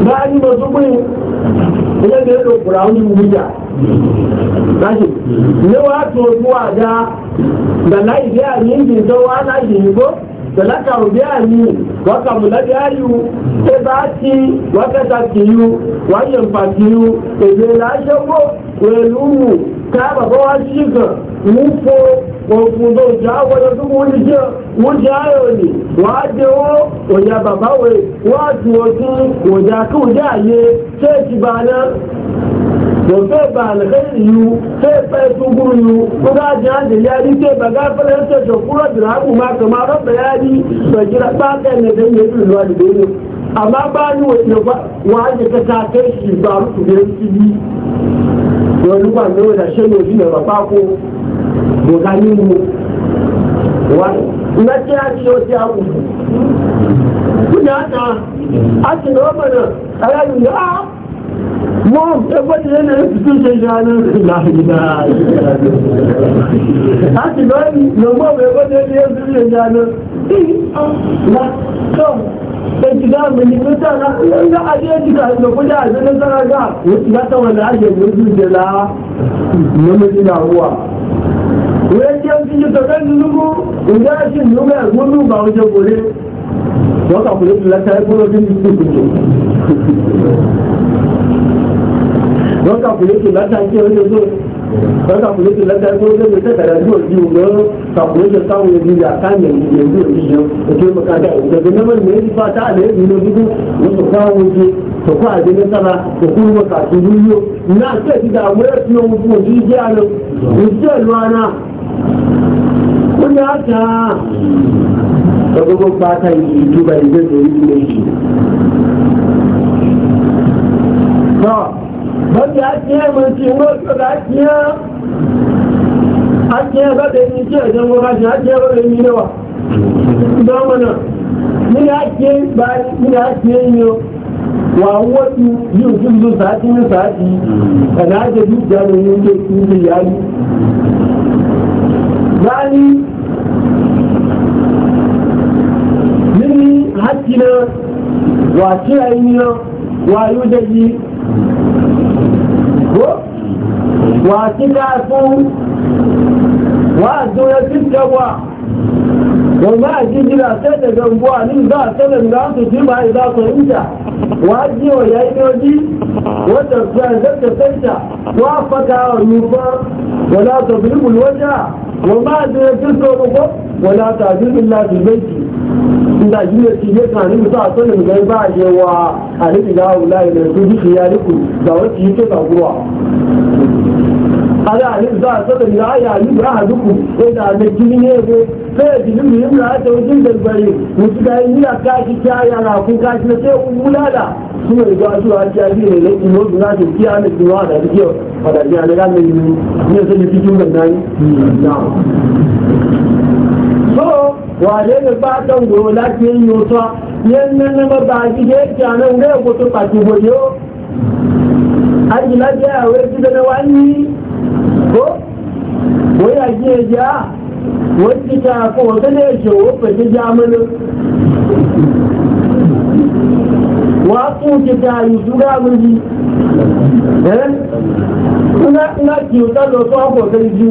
Speaker 2: báyìí ní mo tún pín ẹlẹ́gbẹ̀ẹ́ ló kura ó ní wíjà láti ilé wa tún ojú àdá gbàlá ìdí àmì ìdí ìdánwò aláìsí ìgbó gbàlá kàrò bí àmì wákàmùlá bí àyù ẹbá tí wákàtà kìíyu wáyẹ̀mpa kìíyu èdè làásẹ̀kọ̀ pẹ̀lú wù ká bàbá wa ṣì kàn òkun tó jẹ́ àwọ̀dọ̀ tó wọ́n ti jẹ́ wọ́n jẹ́ ayọ̀ ni wọ́n á jẹ́ wọ́n òjà bàbá wẹ̀ wọ́n á tún wọ́n tún òjà kí òjà àyè ṣéèkì bá náà wọ́n fẹ́ bá àlẹ́kẹ́yìn yìí fẹ́ fẹ́ tún gúrú yìí wọ́n bá jẹ́ àjẹyẹ ayé tẹ́ bàgá fẹ́lẹ́ ṣẹ̀ṣọ̀ kúrò jùlọ àgùnmá kàmá rọ́bẹ̀ yá ní pẹ̀jìlá pàákẹ́ ẹ̀nẹ́dẹ́ yẹn lùlọ́ àdìgbò yẹn àmọ́ bá ní wọ́n ti bùkálí mu wa mẹtí àti oṣù àwọn kúnyà àtà àti ní ọmọ náà ẹ̀yà yìí á mọ ẹgbẹ́ tí lẹ́nu ẹ̀sùn tó ṣe ṣe àná ìlànà àti ní ọmọ ẹgbẹ́ tí lẹ́nu ẹ̀sùn tó ṣe ṣe àná ìlànà tó ɗauki gami ne mun ta na yan ga aje ji ka da kuɗi a zanen zara ga ya ta wani aje ne zuwa da na mutu na ruwa ìrẹ́jẹ́ ti yí tọ́jọ́ lúgbú ìgbà sí ìlúgbà ẹ̀gbọ́n u ìgbà ọjọ́ kò lé wọ́n kà kò lé ti lẹ́ta ẹgbọ́n lọ́dún ní ìlú kòjò yi kà kò lé ti lẹ́ta ẹgbọ́n lọ́dún ní wọ́n kà kò lé ti lẹ́ta ẹgbọ́n lọ́dún ní tẹ́tẹ̀rẹ̀ ní òjì ògbọ́n kà kò lé ti táwọn ẹbí rẹ̀ àkáyẹ̀ ìgbẹ̀rún òjì yẹn ètò ìmọ̀kadà ìgbẹ̀rún náà mẹ́rin fata àlẹ́ ìlú lọ́dún ní wọ́n to ko a jini sama to kuma kasu duniyo na ce da wayar fiye mutum da ijiyalo ijiyalo na láta ọgbọ́gbọ́ pátá ìdúbà ìgbé lórí méjì bọ́dí átíẹ́ mọ̀ sí wọ́n tó látíẹ́ átíẹ́ ti kina wa kiyaye ni wa yi yudaji ko wa kika su wa zuwa wa? don ba a ji jira sai da gambuwa ni za a sanin da su ji ba za su rinta wa ji wa yayi doji wata fiya zarta santa wa fata wa yufa wala ta bulbul wata wa ma zuwa wa ko wala ta zuwa illa bilbaiki da shi ne shi ne tsanin mutu a sanin a je wa a da layi da su ya da wasu yi ala za da da ne ko sai ta wajen da bari mutu da ni na ka shi na sai da su a ne na da ne sai wàlẹ́ mi bá ba láti ń yóò tọ́ yẹn ní nọ́mọ́ bá jíjẹ́ èkì àná ń gẹ́gẹ́ kótó pàtìbò yó àjìlá jẹ́ àwọn èkì tẹ́lẹ̀ wá ní kó wọ́n yà jí ẹja ko? ti ta àkó wọ́n tẹ́lẹ̀ èso wọ́n pèsè jẹ́ amẹ́lẹ́ wọ́n á tún ti ta àyùsúrà mi yìí. ńlá kí o sálọ fún àpọ̀tẹ́ ijú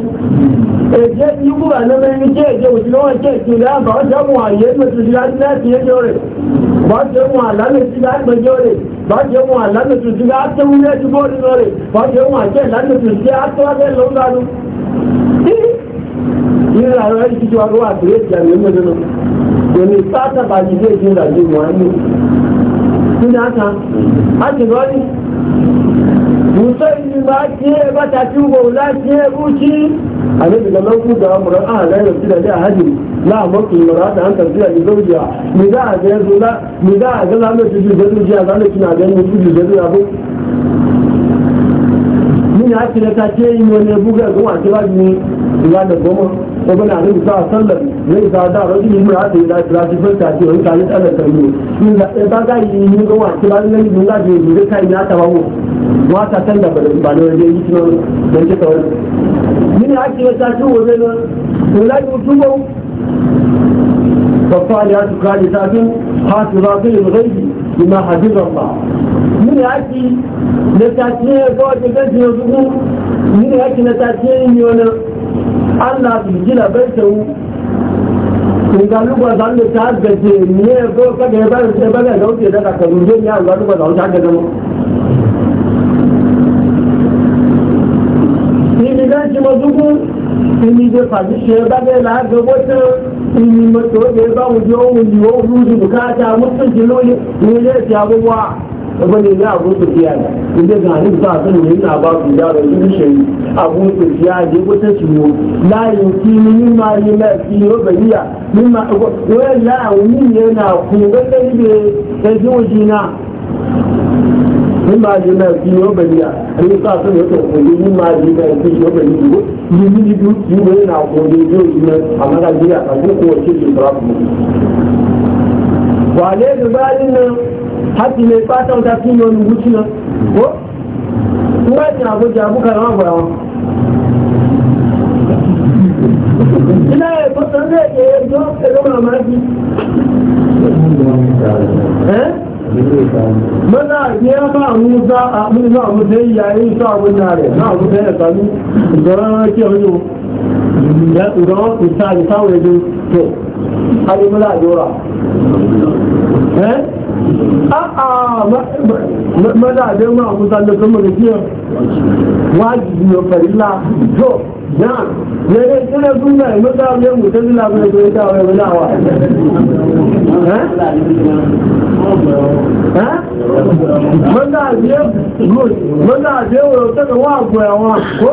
Speaker 2: eji tí kú wà lọ́mọ ẹni jẹ́ èjẹ́ òsì lọ́wọ́ jẹ́ ìpínlẹ̀ àbá ọjọ́ mọ̀ àyè mẹ́tò sí láti láti ẹjọ́ rẹ̀ bọ́ọ̀tẹ́ mọ̀ àlámẹ́ sí láti mẹ́jọ́ rẹ̀ ti ti musayi ba ce ba ta ci gola ce ruci a nan daga nan kuka amuran a nan yau da da hajji la mafi mara da hankali zuwa ni zaujiya ni za a ga yanzu la ni za a ga lamar su jirgin na kina ganin su jirgin zuciya ba ni na ta ce yi buga ne da goma ومن عليه الصلاة والسلام ليس هذا رجل من هذه إلى إخلاص فتاة وإن كانت أنا تنمو إذا كان يجب أن يكون لي من هذه إذا كان يتبعه ما تتنى بلد يجب أن يكون من أكل يتاشو ومن ولا يتوبه فالصالحات قالتات حافظات للغيب بما حفظ الله من أكل نتاتيه فوق الجنة من أكل نتاتيه Allah su gina bai tawu in ga lugwa zan ta gaje ne ko kada ya bayar sai da wuce daga karu ya ga lugwa zan ta gaje mu ni ga ji mazugu ni she ba ga la ga wata ni ma to ga ba mu mu bukata mun ni ne ya wani ne abu sufiyan inda ga hannun ba sun ne ina ba su yaro yin shari abu sufiyan ne wata ciwo layin ki ni ma ni na ki yo bariya ni ma wani la wani ne na ku wanda ne da ji wajina ni ma ni na ki yo bariya ni ba sun ne to ku ni ma ni na ki yo bariya ni ni du ki wani na ku ne jo ina amma ga ji ya ka ku ko ce ki ba ku wale da balin nan hati mai fata ta sun yi wani wuce nan ko kuma ce abuja abu karama gwawa ina ya kusan zai ke yi don ka gama mamaki Muna biya ba a musa a musa a musa yi yayin sa abun dare na abu da ya sami zara ke hanyo ya tsoron isa ta samun to alimula jora eh mọ́dá máa kú sáré tó mọ̀ lókè wá jù jọ náà lẹ́yìn tí fún náà ló dá lé mú tẹ́lú lábẹ́ tó dá ọ̀rẹ́ náà wà.
Speaker 1: mọ́dá àdé tẹ́lẹ̀
Speaker 2: wọ́n àgbọ̀ ẹ̀wọ̀n kó.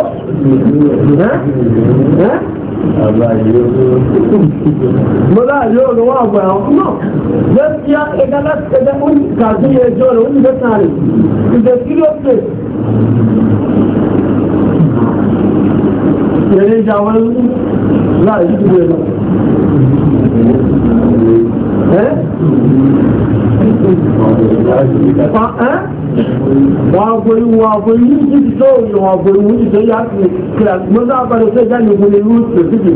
Speaker 2: mo dáa yóò lọ wá àgbà àwọn náà lẹ́sí ẹ̀dá láti ẹ̀dá ó ní kàdí ẹjọ́ rẹ̀ ó ní lẹ́sàn rẹ̀ ìdè serious place. wàgbọ̀yí wàgbọ̀yí ní ti tó òye wàgbọ̀yí wọ́n ti tó yá sí kílàsì mọ́ sáà bá lọ sí ẹja nìkan ní irú tẹ̀sídì.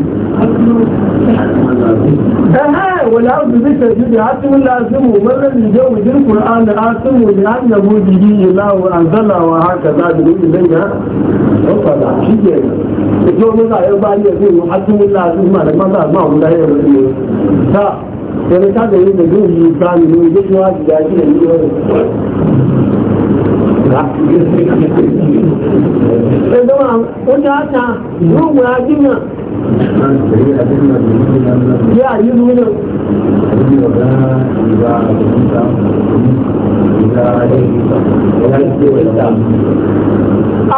Speaker 2: ẹ̀hẹ́ wọ̀lá òbí tẹ̀sídì átìmú lásìmù mọ́lẹ́ nìjẹ́ òjì kùrọ̀ àná átìmù ní ánàmú dìdí ìlàwọ̀ àzọ́là wà á kàdá dìbò ìlẹ́yà ọ̀pàdà ṣíjẹ̀ ètò ọmọdé àyọ̀bá yẹ̀ fún átìmú lásìmù àdàgbàgbà àgbà àwọn ọ̀dà yẹ̀ wọ̀lẹ́ yẹn ká lè rí pẹ̀lú ìyí ìgbani ní ojú ẹ̀dọ́wà oúnjẹ àtà rúùmù àdínà bí àyílú náà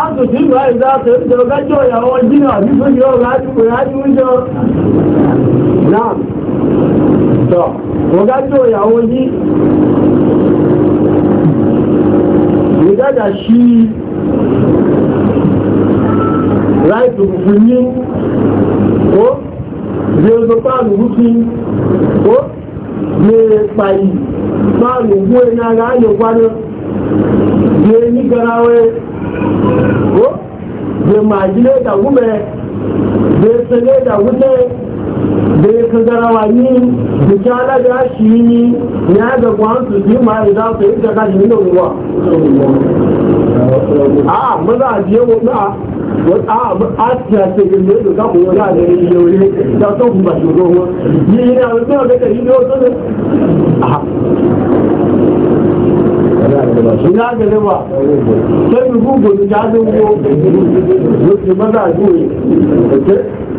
Speaker 2: Àtùtù ìgbà ìgbà tó ń jọ gájọ́ ìyàwó jìnà ní fún ìyọ́ rájúkò rájúkò náà. Tọ́, ọgájọ́ ìyàwó yìí nga da shi right to funyi ko zai zo paanu rufi ko ne kpayi paanu gwe na ga anyo kwano zai ni garawe ko zai majile da gume zai sale da wuce da sun zarawa ni misala da shi ni ya ga kwansu su ma ya za su yi ta kashi nuna ruwa a maza biye wani a a tiya ce gilme da za wani a da yi yaure da son kuma shi goma yi yi na wani suna daga yi biyo sun a ina ga riba sai mu gugu da jazin go maza biye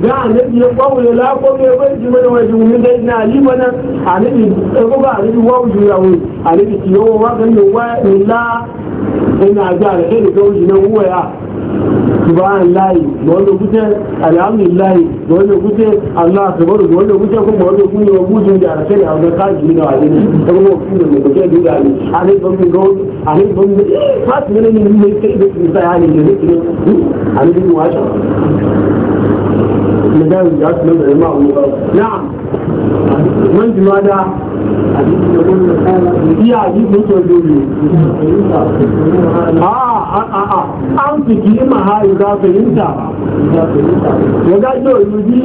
Speaker 2: ga annabi ya kwawo ya lako mai bai ji mana wajen da ina ali mana annabi ko ga annabi wawo jura wai annabi ki yawo wa ne wa illa ina ga da kai da gawo jina uwa ya subhanallah da wanda kuce alhamdulillah da wanda kuce Allah akbar da wanda kuce kuma wanda kun yi wujin da aka kai a wajen kaji da kuma kun da mutum ke ne annabi ban gawo annabi ban ne ne mai kai da tsaya ne مداوي أصلا العلماء نعم من جماعة هي عجيب مثل دولي آه آه آه أو تكيما هاي إذا فهمت وقال له يجي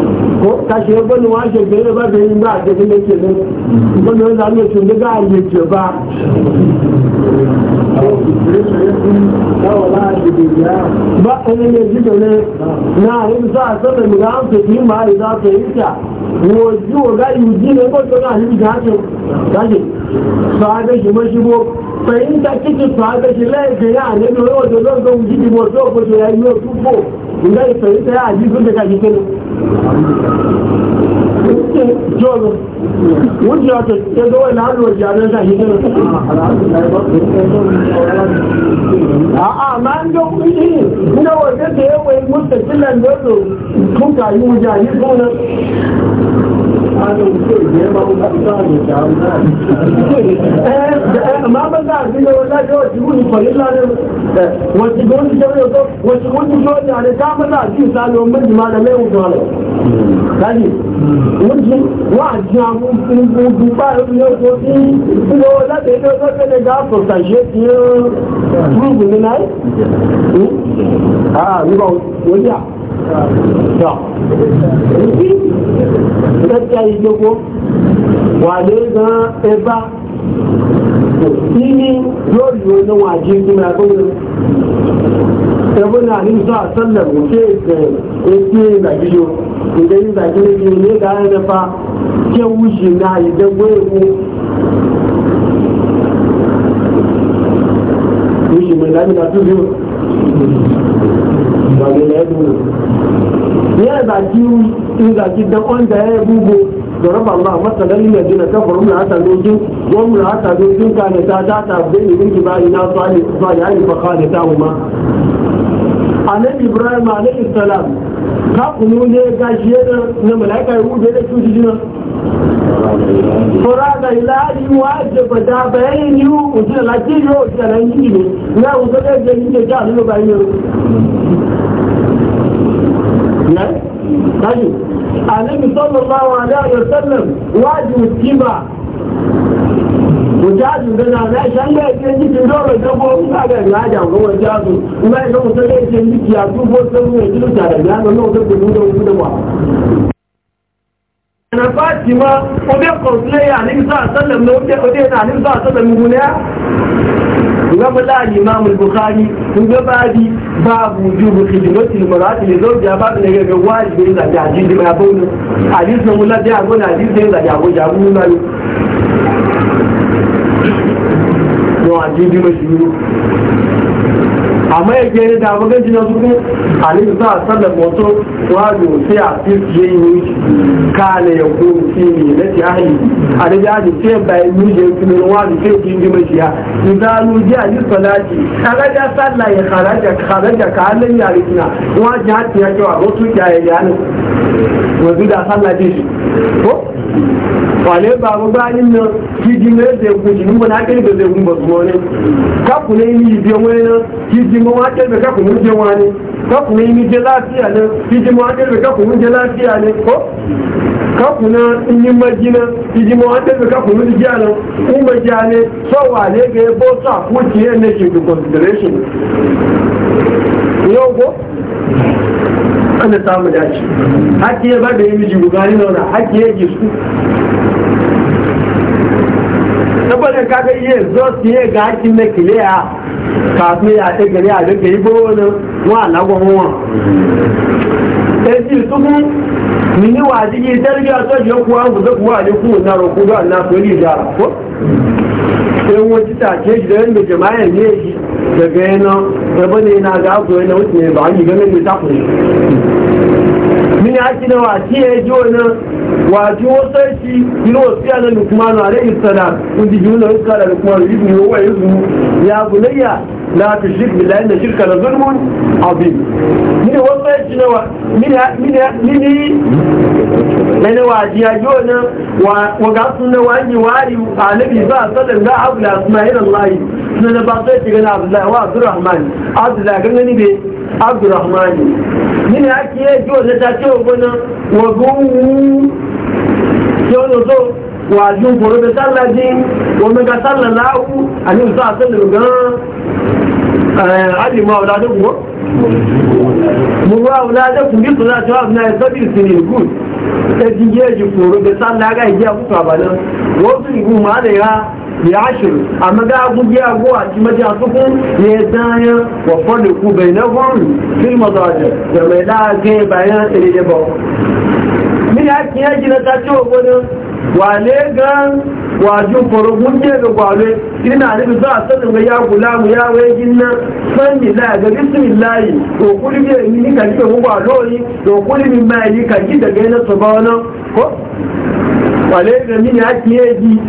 Speaker 2: 我大学不弄完学别的吧，别的吧，就给你学的。不能让你去那个野酒吧。我认识的，那我拉去的呀。把那个鸡头呢？那我们家上面木家自己买的，不要客气啊。我如果干有鸡，能够做那，你赶去，赶紧。抓个什么鸡不？人家自己抓那些烂鸡呀，人家我果做那种鸡，我做不出来，没有功夫。in ga ita ita ya aji sun da kaji kenan جوز وجهة تدوي العدو الجانب شاهدين آآ ما عنده قيشين من هو جد يوي المستقل الوزو كنت عيو جاهدون ما بدا فيه ولا جو تقول قليل لا وتقول جوي وتقول جوي على كام بدا فيه سالو من ما لم يوجد هذا jí wọ́n àjí àwọn òfin gbogbo bá ilé oko tí ilé owó láti ilé tẹ́lẹ̀ gá àpòtà ti ń rúgbìn ní náà àà ah, nígbà òjì à tọ́ ìtẹ́tí ayé wà lé gan ẹbá ìní yóò lò ní àjí ìgbìmọ̀ àgbóyè ẹgbẹ́ náà àtọ́lẹ̀ òkè ètí idan zaki ne ne ga ya fa ke wuce na idan goye ko wuce mai lami na tuzo ba ne na yadda ne ya zaki in zaki dan wanda ya yi bugo da raba Allah masa dalilin da dina kafar mun hata dokin wani mun hata dokin ka ne ta ta bai ne miki ba ina salihu salihu fa khalita huma annabi ibrahim alaihi salam ka kunu ne ga shi yana na malaika ya rubuta da cuci jina fara da ilari wa jaba da bayan yi wuce da lati yi wuce da nan yi ne na wuce da yadda yi ke ta nuna bayan yi ne kaji annabi sallallahu alaihi wasallam wajibi kima mujahidin gana na shan ga yake jikin dole ta ko in ka ga ya ja ko wani jazu in ga yake mutum da yake jiki ya dubo sun ne jikin da ya ga nan da ku da ku da ba na fatima ko be ko ne ya ni sa sallam ne ko ne na ni sa sallam ne ya imam al-imam al-bukhari kun ga babi babu wujubu khidmati al-mar'ati li zawjiha babu ne ga wajibi a mẹ́sìlú àmọ́ ẹgbẹ́ ẹni dáa mọ́gẹ́jì náà dúkú àlejò àtàlẹ̀ mọ́tò wáàdù sí àti ṣe ìlú káàlẹ̀ ẹ̀kọ́ sí ní lẹ́tì ààyè àlejò àti tí ẹ̀bà ìlú jẹ́ ìpinnu wáàdù sí èdè ìdí méjì ya ìdáàlú jẹ́ àyíkọ̀ láti alájà sálà ìkàlájà kàlájà kàálẹ̀ ní wale ba mu bayin nan kiji ne da ku ji mun na kai da zai mun ba kuma ne ka ku ne ni biyo wani nan kiji mun wa kai da ka ku mun je wani ka ku ne ni je lafiya ne kiji mun wa kai da ka ku mun je lafiya ne ko ka ku na in yi majina kiji mun wa kai da ka ku mun je nan ku majane so wale ga ya bo sa ku ci ne shi consideration yau ko ana samu dace hakki ya bada yi miji na wani hakki ya gisu saboda kaga iya zo su yi ga hakkin na kiliya kafin ya ta gari a duka yi boro wani wa mini wa ẹ̀sìn ìtúkún ní níwà àti yìí tẹ́lẹ̀gẹ́ àtọ́jọ́ kú àwọn òṣèkú na ní kúrò náà rọ̀kú bá náà pẹ̀lú ìdára wani ẹwọ́n títà kéjì rẹ̀ ń gbèjẹ̀ máa ẹ̀ ní èyí gẹ̀gẹ̀ ẹ̀nà ẹ̀bọ́n ní iná àgbà àgbò ẹ̀nà ó ti ní ìbáyìí gẹ́gẹ́ min ya ake nawa ci ya ji wani wajen wasan shi ino su yana lukmanu a rai isana in ji juna iska da lukmanu ibi ne wa yanzu ya bulayya na fi shirk da yana shirka na zulmun abin min wasan shi nawa min ya min ya min ẹni wà jí ajó náà wà ga tún náà wà ní wáyé àlébì bá sọ́dọ̀ ní abúlé asmáyé náà láyé ní ẹni bá tó ìṣẹ̀gẹ́ náà abdullahi wà abdulrahman abdullahi gẹ́gẹ́ níbi abdulrahman nínú àti ẹjọ́ ìṣẹ́ta tí ó gbóná wọ̀gbọ́n wú tí ó lọ́tọ́ wà ju kòrò bẹ sálà dín omega sálà láàkú sallar ga àtẹ́lẹ̀ gan-an alìmọ̀ ọ̀làdẹ́kùn mọ́ mọ́ ọ̀làdẹ́kùn bí sọ́dọ̀ àti wà na yi ẹ̀sọ́ bí ìsinmi good ẹ̀dí yéèjì kòrò bẹ sálága ìdí àkókò àbàdà wọ́n tún ìgbù máa lè ha lè áṣìrò àmọ́gá agúgbé agbó àti mẹ́jọ àtúkún ní ẹ̀dán yẹn wọ̀ fọ́dẹ̀ kú bẹ̀rẹ̀ náà fọ́ọ̀rù fíìmù ọ̀dọ̀ àjẹ̀ ta láàgé ìbàyẹn èdè bọ̀. mí wajin kwarin hunde ga gwale ina nufi za a sanin ga ya gulamu ya waye ginna sanni la ga bismillahi to kuli ne ni ka ji ko gwalo yi to kuli min ma yi ka ji daga yana so ba wannan ko wale ga min ya kiye ji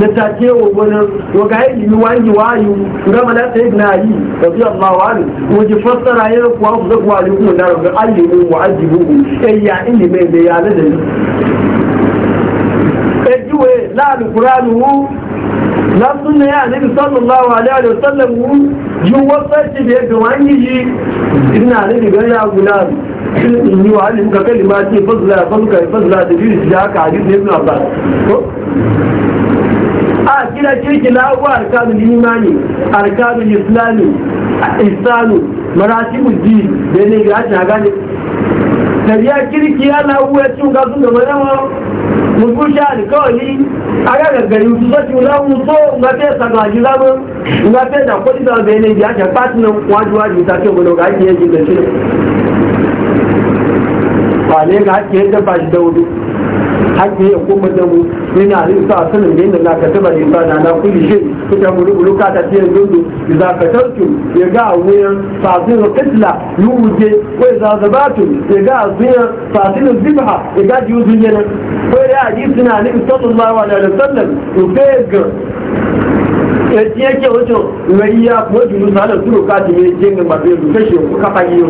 Speaker 2: na take wa gona wa ga yi ni wangi wayu ga mala sai na yi radiyallahu anhu waje fassara yana kuwa ku zakwa alaikum da rabbi allimu wa ajibu ayya inni mai da ya da لعب قرانه لم تن يا نبي صلى الله عليه وسلم جوا صيت بيد وانجي ابن علي بن يا غلام ان يعلم كلمات فضل فضلك فضل دليل جاك عجيب ابن عباس آه، كلا تلك الأول أركان الإيماني أركان الإسلامي إحسان مراتب الدين بين إجراءات نهاجان kariya kirki yana uwa cin gasu da manama mutu sha alkawali a ga gaggari su sassi lamu so nga fe sagaji lamu nga fe da kwadi da bai ne biya ta fatina waju waju ta ke gudu ga ake yankin da shi ne ba ne ga ake yankin da shi da wudu hakki ya kuma da mu ina da isa sanin da na ka tabar yin bana na kulli shi ku ta muru ulu ka ta tiyan dundu za ka tarku ya ga wayan fasin qitla yuje ko za za batu ya ga zin fasin zibha ya ga yuje ne ko ya ji suna ni sallallahu alaihi wasallam ku tega ẹtí ẹjẹ oṣù rẹ yí àpòjù ní sàlẹ tó ká ti lè jẹ ní màbí ẹlú fẹsẹ òkú kápá yí o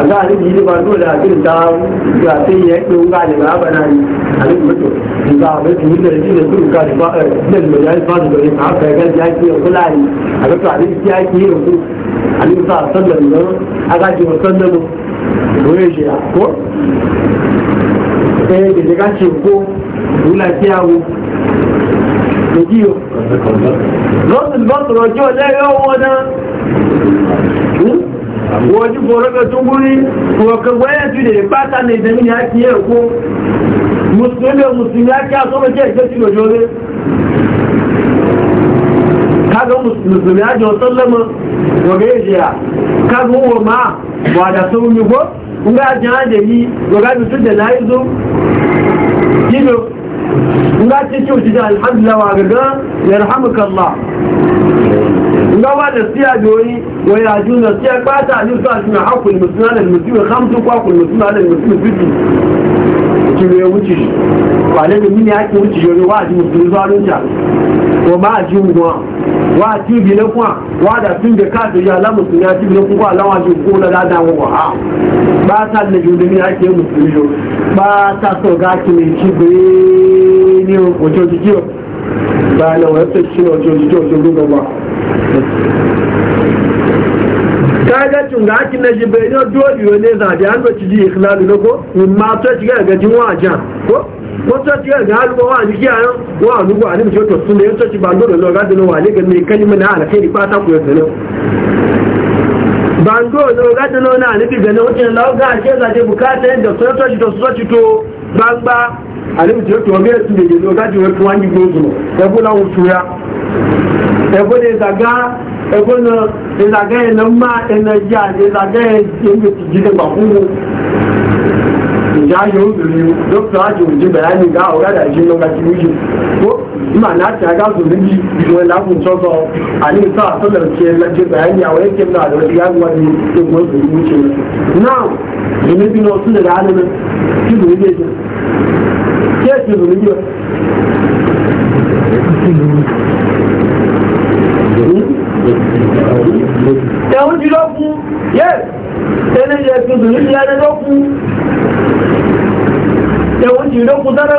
Speaker 2: àgbà àlejò yìí máa lóòlà àti ìta ìgbà àti ìyẹn pé ó ń gbà ní bàbá bàbá yìí àlejò oṣù ìgbà àlejò yìí lẹsí lè tó ká ní bàbá ẹ lẹnu lọ yáyí fáwọn ìgbà yìí àfẹ ẹgbẹ ti àìsí òkú láàyè àlejò àlejò ti àìsí òkú àlejò sọ àtọ́lẹ̀ lọ agájọ ọ̀tọ́lẹ̀ lọ́sùn bọ́sùn ọjọ́ lẹ́yọ́ wọn náà wọ́n tó gúrí tí lè pátá ní ìdẹ̀mí ni a ti ẹ̀kọ́ mùsùlùmí a kí jẹ́ a nga ce kyau shi da alhamdulillah wa gaga ya rahamuka Allah nga wa da siya doyi wa ya ju na siya ba ta ji sa shi na hakul musulman al-muslim khamsu kwa kul musulman al-muslim bibi ki ne wuce shi ba ne da mini hakki wuce shi wa ji musulmi zalun ta wa a ji mu wa wa ji bi na kwa wa da tun da ka da ya la musulmi ji bi na kwa la wa ji ko la da wa ha ba ta da ju da mini hakki musulmi ba ta so ga ki ne ki bai ní òjò jíjí ga hakin na shi bai yau dole yau ne zaɓe an doci ji ikhlalu na ko in ma to ci ga gajin wajen ko ko to ci ga halubo wa jiki a yau wa halubo a nimce to sun da yau to ci ba dole lo gadi lo wale ga mai kalimar na alkhairi ta ku yau sanau bango lo gadi lo na nufi ga wucin lau ga ake zaje bukata yadda sun to ci to su gbangba ale mutu yoto ɔbɛ etu de yelo ɔka ti o tu anyi gbɔ zoro ɛfo la o tura ɛfo de zaga ɛfo na ezaga yɛ na ma ɛna ya ezaga yɛ eŋgbe ti dzi de gba kuku ìjà ayé obìnrin yìí dókítà àjò òjì bẹ̀rẹ̀ ní ìgbà ọ̀gádà ìṣe lọ́gà tí wíyì ó mà láti agázò níbi ìlú ẹ̀lágùn tọ́gbọ̀ àní ìta àtọ́lẹ̀ ti ẹlẹ́jẹ bẹ̀rẹ̀ ní àwọn ẹ̀kẹ́ náà lọ sí yàgbọ́n ní ìgbà òbí wíṣẹ́ náà ìmẹ́bí náà tún lè rà á lẹ́nu kí lóyún lè jẹ́ kéèsì ìròyìn yìí ẹ̀hún ti lọ́kùn yẹ́ ẹni yẹ tuntun ní ìyá ẹni lọ́kùn ẹ̀hún ti lọ́kùn dára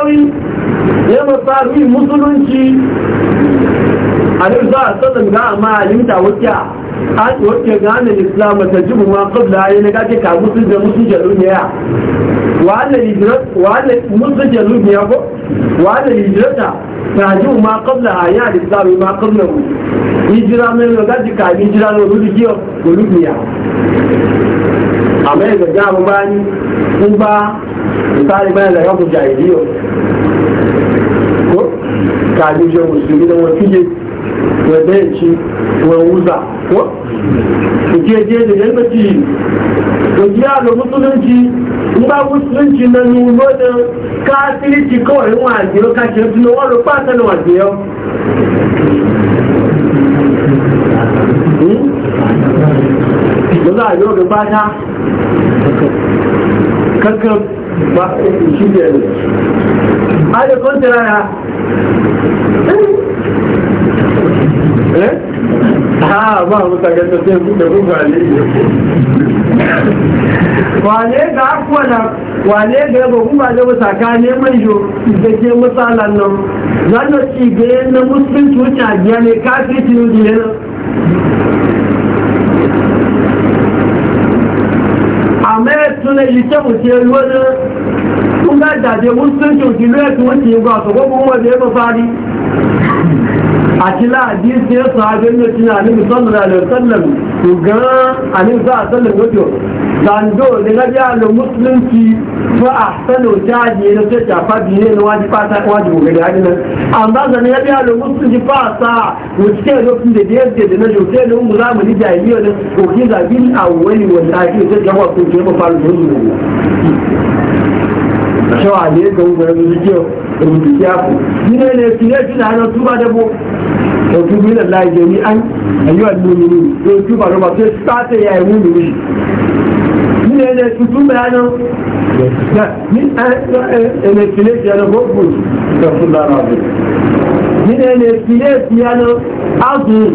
Speaker 2: yẹ́ rí mùsùlùmí alim za a sanin ga amma alimta wacce an wacce gane islam ta jibu ma qabla ayi na gaje ka musu da musu jaluniya wa anna hijrat wa anna musu jaluniya ko wa anna hijrata ta jibu ma a ayi al islam ma qabla mu hijra mai ga gaje ka hijra no rudu kiyo jaluniya amma ga ga mu bani in ba misali bayan da ya yaku jahiliyo ko ka ji musulmi da wasu wadanci wa wuza ko je je da yalbaci da biya da musulunci in ba musulunci na nuno da kafirci kawai wajen yau kashe suna wani fata na wajen yau ba za a yau da fata kankan ba shi ne a da
Speaker 1: kwantara ya hmm?
Speaker 2: Eh? ha ba mu ta da kuma wale ga akwala kuma da saka ne mai jo da ke misalan nan zan da ci ga na a biya ne kafirci ne àmẹ́ẹ̀tún ilé tẹ́kù tí ẹ lọ́dún tó mẹ́dàdé mú sí ìjòjì lẹ́ẹ̀kùn ó yi gbà àtọ̀gbọ́gbọ́ wọ́n da mọ́ fárí a cila hadisi ya sahabin da cina alibi sallallahu alaihi wasallam to ga alibi sallallahu alaihi wasallam wato zando da na biya da musulunci fa a jaji na sai shafa biye na waji fata waji gogari hadi nan amma da na biya da musulunci fa a ko wuce ke lokacin da biyar da da na jote da mu zamani jahiliya ne ko kin zabin awwali wal akhir sai jama'a ko ke ba faru da zuwa a ne ga mu zuciya rubutu ya ku ne ne tire tire na tuba da bo ẹ̀tùbí ilẹ̀ láì jẹ́ ní án ẹ̀yọ́ ìlúmìnì ojú bàrọ̀bà tó sáàtẹ̀ ya mi ní ẹ̀lẹ̀ tuntun mẹ́rànà ní ẹ̀lẹ̀ ìpìlẹ̀ gbogbo ìtẹ̀fún lára rẹ̀ ní ẹ̀lẹ̀ ìpìlẹ̀ ìyànà azùn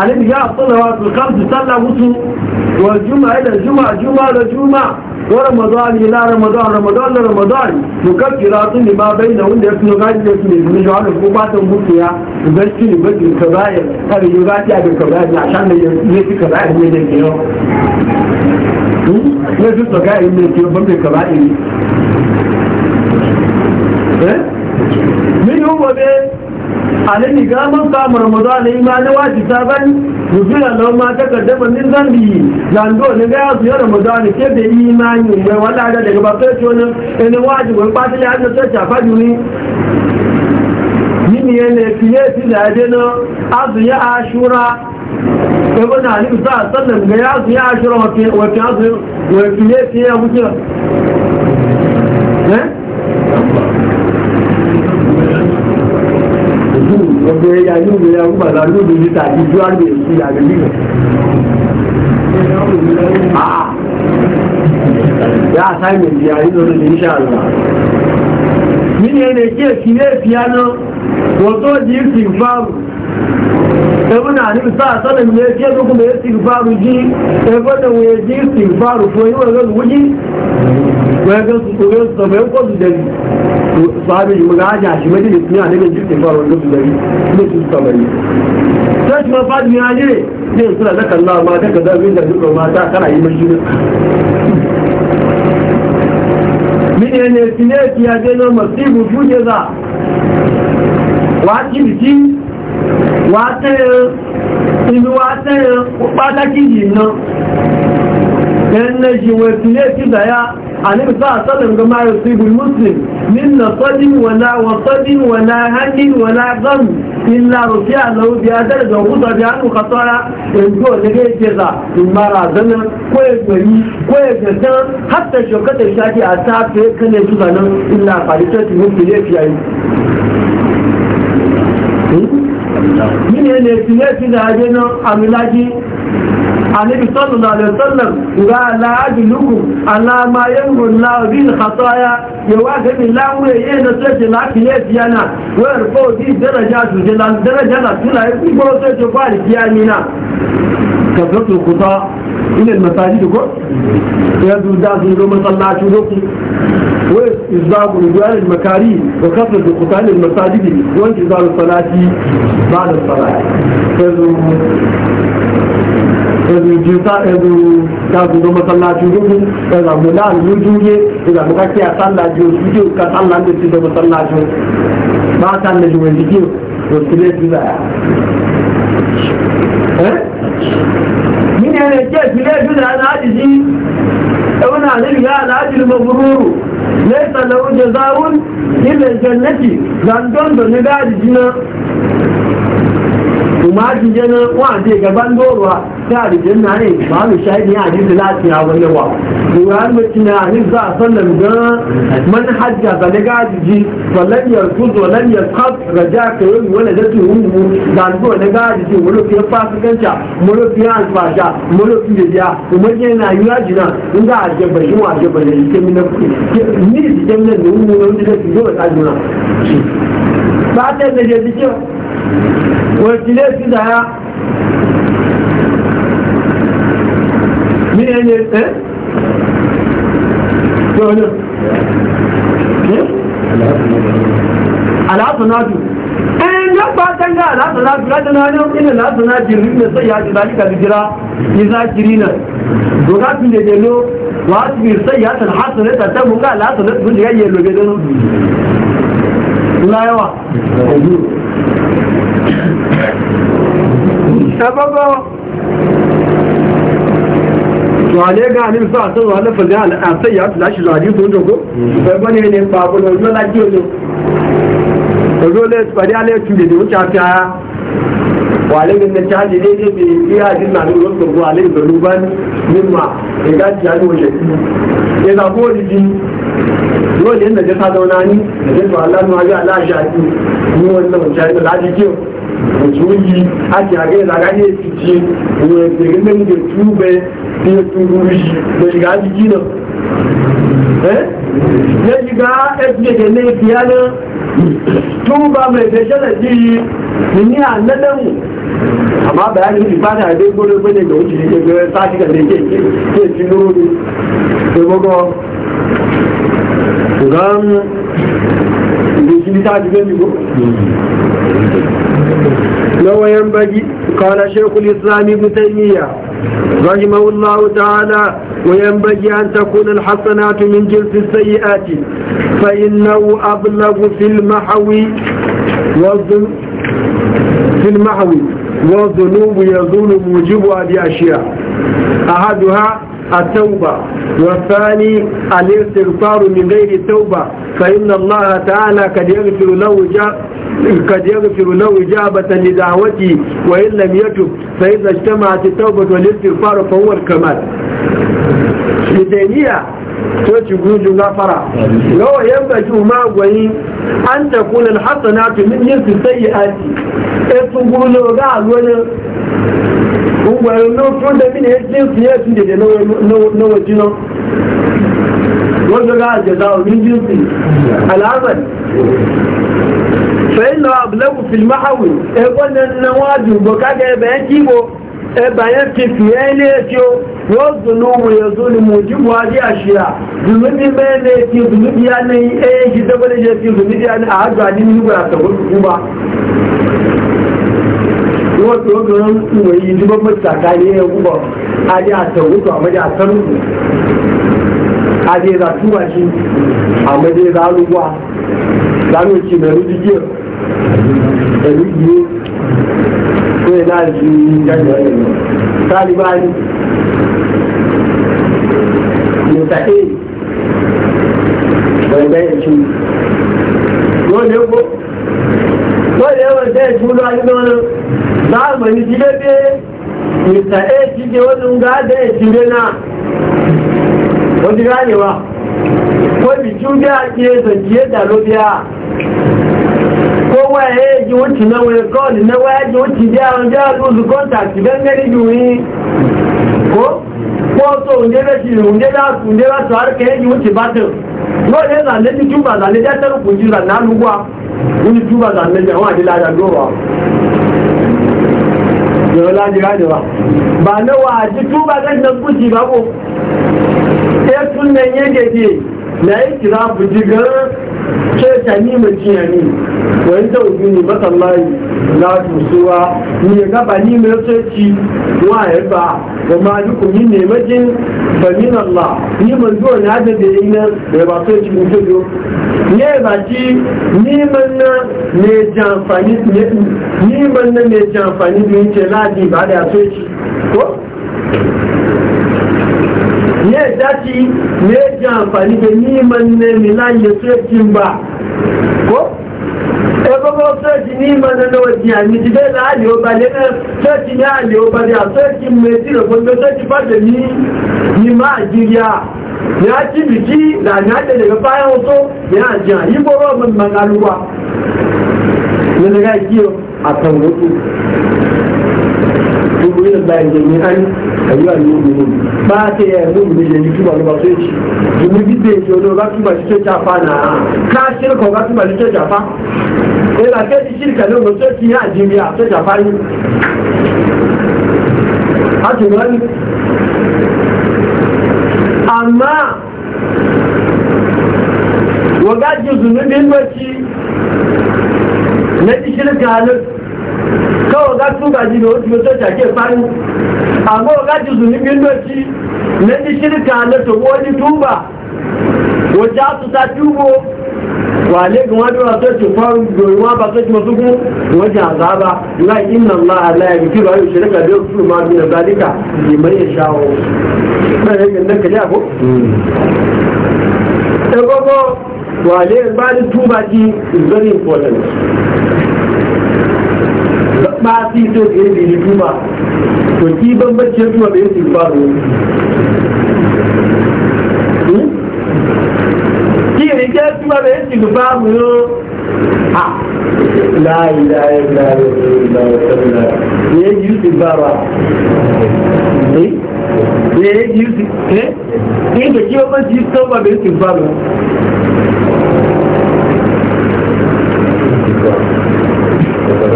Speaker 2: àlébìyà àtọ́lẹ̀wà tó káàkiri sálà wútu wọ̀ ورمضان إلى رمضان رمضان لرمضان مكفرات لما بينهن يكون غير يكون يجعل القبات المكية يبشر يبشر الكبائر هذا يغاتي على الكبائر عشان يأتي كبائر من الكيو يجب تقائم من الكيو بمن الكبائر alani gaman kama ramadan na imani waci saban rufina na ma ta kaddama min zambi zando ne ga yasu ya ramadan ke da imani mai wala da daga ba sai tonin ene waji gwan pati ya na sai ta fadi ni nini yana fiye ti da ade na azu ya ashura ebe na ni sa sallan ga yasu ya ashura wa fiye azu wa fiye ti ya wuce eh ya yi omi ya kuma za lóbi ní tàbí ju àgbè assignment yi ní iṣẹ́ Nínú ẹni kí èsì náà, wọ́n tó di ìsìn fáàmù. ẹgbẹ́ náà ní ìsá àtọ́lẹ̀ ní ẹjẹ́ gbogbo mẹ́ sí ìfàrù jí ẹgbẹ́ náà wọ́n jí sí ìfàrù fún ẹ̀yìn wọ́n lọ́nu wújí wẹ́gẹ́ sọ̀rọ̀ sọ̀rọ̀ ẹ̀kọ́ sí dẹ̀rí na yìí mọ̀gá ajá àṣì méjì lè fi hàn nígbà jí sí ìfàrù lọ́sù dẹ̀rí lóṣù sọ̀rọ̀ yìí sẹ́ẹ̀tì máa bá di ne. ní ìsúra lẹ́kànlá máa dẹ́kànlá mi ìdàgbé kan máa dá kára yìí méjì mí ni ẹni ẹ̀sìn ne. èkì ajé náà mọ̀ sí ìbùfún yẹn wá kí bìtí wà tẹ́rẹ inú wà tẹ́rẹ pátákì yìí ná ẹnlẹ́ yìí wọ́n tilé ti dáyà àníbìsá àtọ́lẹ̀ ga máa sí ibu muslim nínà sọ́dín wọ̀nà wọ̀n sọ́dín gọ́m ilá rufi àlọ́wọ́ bí adẹ́rẹ̀ da òkúta bí hannun òdẹ́gẹ́ ìjẹta ìmara zana kó ẹgbẹ̀rí kó ẹgbẹ̀tán hàtà ṣọkọ́tà ìṣáàkì àtàfẹ́ kẹ́lẹ̀ mini ne tile ti da aje nan amilaji annabi sallallahu alaihi wasallam ga la ajluku ala ma yamru la bil khataya ya wa min la wa ye na tsaje la tile ti yana wa ko di daraja su je la daraja la tula ya ko to ba ri yana al masajid ko ya du da masallaci وإزاب رجال المكاري وكثرة القتال المساجد وإزاب الصلاة بعد الصلاة فإذا جلسة إذا كانت دومة صلاة جنوبين إذا ملال نجوية إذا مكاكية صلاة جنوبين إذا كانت صلاة جنوبين صلاة جنوبين ما كان نجوين جنوبين وسلية إيه؟ جزايا من يعني كيف سلية جزايا هذا عاجزين أولا عزيزي هذا عاجز المغرور ليس له جزاء إلا الجنة لأن دون دون نبعد جنا kuma jije na wanda gaban doruwa ta rijin na ne ba mu shahidi a jisi lafiya wani wa ƙuran mutum na hannun za a sallan ga man hajja ga daga jiji wallan ya kuzo wallan ya kaf raja ka yi wani da su hungu da zuwa daga jiji mulufi ya fasikanta mulufi ya alfasha mulufi da biya kuma je na yi yaji na in za a jabba shi wa jabba da jikin mina ni jikin mina da hungu na wani da su zo da tajuna. Ba ta da jikin وكليه كده مين قال ايه شغل العصر ناجي ان يبقى تنجا العصر ناجي لا تنهانه ان العصر ناجي من سيئات ذلك الهجرة يذاكرين دوغات من يدلو واسبير سيئات الحسنة تتبقى العصر ناجي يلو جدنو لا يوا tabago wale ga ya zuwa ne ba ojo ale tu de wuce ta wale bi iya na wasu da ruban mimma ga da ko dole zauna ni da Allah ni da laji kiyo mutuyi ake a gaila ga ne fice ne daga nan da tube da ya turu shi da shiga jiki nan ya shiga fda da ne fiya nan tuba mai fashala ni a nadanmu amma bayanin ibada a dai gole gole da wuce ne ga sa shi ga ne ke ke ci nuru da gogo لو ينبغي قال شيخ الإسلام ابن تيمية رحمه الله تعالى وينبغي أن تكون الحسنات من جنس السيئات فإنه أبلغ في المحو والظلم في المحو والذنوب يظن موجبها بأشياء أحدها التوبة والثاني الاستغفار من غير التوبة فإن الله تعالى قد يغفر له قد يغفر له إجابة لدعوته وإن لم يتب فإذا اجتمعت التوبة والاستغفار فهو الكمال لدينية توتي جوجو غفرة لو ينبجو ما قوين أن تكون الحسنات من جنس السيئات etugu lóga àlóyè gbogbo ẹ̀rọ ló fún dẹ́bí ní etí fi ẹ̀sùn dèdè lówó jiná wọ́n jọra àjẹ̀dá òní jíǹsì aláàmì fẹ́yìn lọ àbúlẹ́kù fìlímà àwì ẹgbọ́n nínú wọn àdùgbò kága ẹbẹ̀ ẹ̀ kíbo ẹbà yẹn ti fi ẹ́ ilé etí o wọ́n dùnú wòyẹ̀dún ni mo jí bu adé àṣìyà dùnú bí mẹ́lẹ̀ ti dùnú bí a ní ẹ̀yẹ́ ìṣẹ́ tó bẹ́lẹ̀ yẹ ti dùnú bí a ní àádọ́ àdínní nígbà àtọ̀gbọ́n wato gan mai ji babban tsakani ya kuma a ji a tawo to amma ji a san za tuba shi amma je za ruwa za mu ci mai ruji jiya da ruji ko ya na ji talibani ne ta wani jibebe mista a jide wani ga da ya jire na wani ganewa ko bi juda ke zakiye da lobiya ko waye ji wuce na wani kawai na waye ji wuce biya wani biya lusu kontakti don gani juyi ko pọ́ọ̀tọ̀ òǹdẹ́bẹ̀ ti òǹdẹ́bẹ̀ àkùndẹ́bẹ̀ àtọ̀ àrẹ́kẹ́ yìí ó ti bá tẹ̀ wọ́n lè rà lẹ́ni túbà lálẹ́jẹ́ tẹ́rù kò jìrà náà lúgbà ní túbà lálẹ́jẹ́ àwọn àdílájà lóòrò da wala jira da ba ba na waji tuba zan nan kuci ba ko sai sunan yake ke na yi kira bujigar ke ta ni majiya ne wani da ubi ne masallayi na tusuwa ni ya gaba ni mai soci wa ya ba ba ma duku ni ne majin banin Allah ni mai zuwa na da da yi nan da ba soci mun fito ne ba ci ni mai na ne jamfani ni man na ne jamfani da yake ladi ba da soci ko ne dati ne ji amfani da niman ne milan ya tsokin ba ko ẹgbọ́gbọ́ tọ́ọ̀tì ní ko òjì àmì ìdílé láàlè ọba lẹ́nà tọ́ọ̀tì ní àlè ọba ní àtọ́ọ̀tì mẹ́tì rẹ̀ gbogbo tọ́ọ̀tì fàbẹ̀ ní ìmọ̀ àjíríà ní a ti bì kí lànà àtẹ̀lẹ̀ báyọ̀ tó ní àjẹ́ àyíkọ́rọ̀ ọmọ ìmọ̀lẹ́lúwà lẹ́nà ẹ̀yọ́ àyè òmìnir bá a ti ẹ̀ mú mi lè ní túbọ̀ lọ́wọ́ tó èjì ìmú dídé èjì olóró bá túbọ̀ sí tẹ́jà fa náà ká ṣírkọ̀ bá túbọ̀ sí tẹ́jà fa ìlà kẹ́ẹ̀dì ṣírkà lóògùn tó ti yá àjẹmí àtẹ́jà fa yìí. a ti rọ́ ni àmọ́ wọ́n gá ju zùnúbí ń lọ sí lẹ́tí ṣírkà lóògùn káwọ̀ gá túbọ̀ jìnnà ó ti mọ́tò amma ga ji zunubin doci na ji shirka na to wani tuba wajen su ta tubo wale ga wani wasu ci faru goyiwa ba su ci masu kuma wajen azaba la inna allah ala ya bifi ba yi shirka da su ma bi zalika ne mai ya shawo na yankin nan ka ja ko ɗagogo wale ba da tuba ji is very ba su so ke yi ne kuma to ki bambancin zuwa da yake faru ki hmm? ne ke zuwa da yake faru yo ha la ilaha illa allah ne yi su fara ne ne yi su eh ne da ki bambancin zuwa da yake faru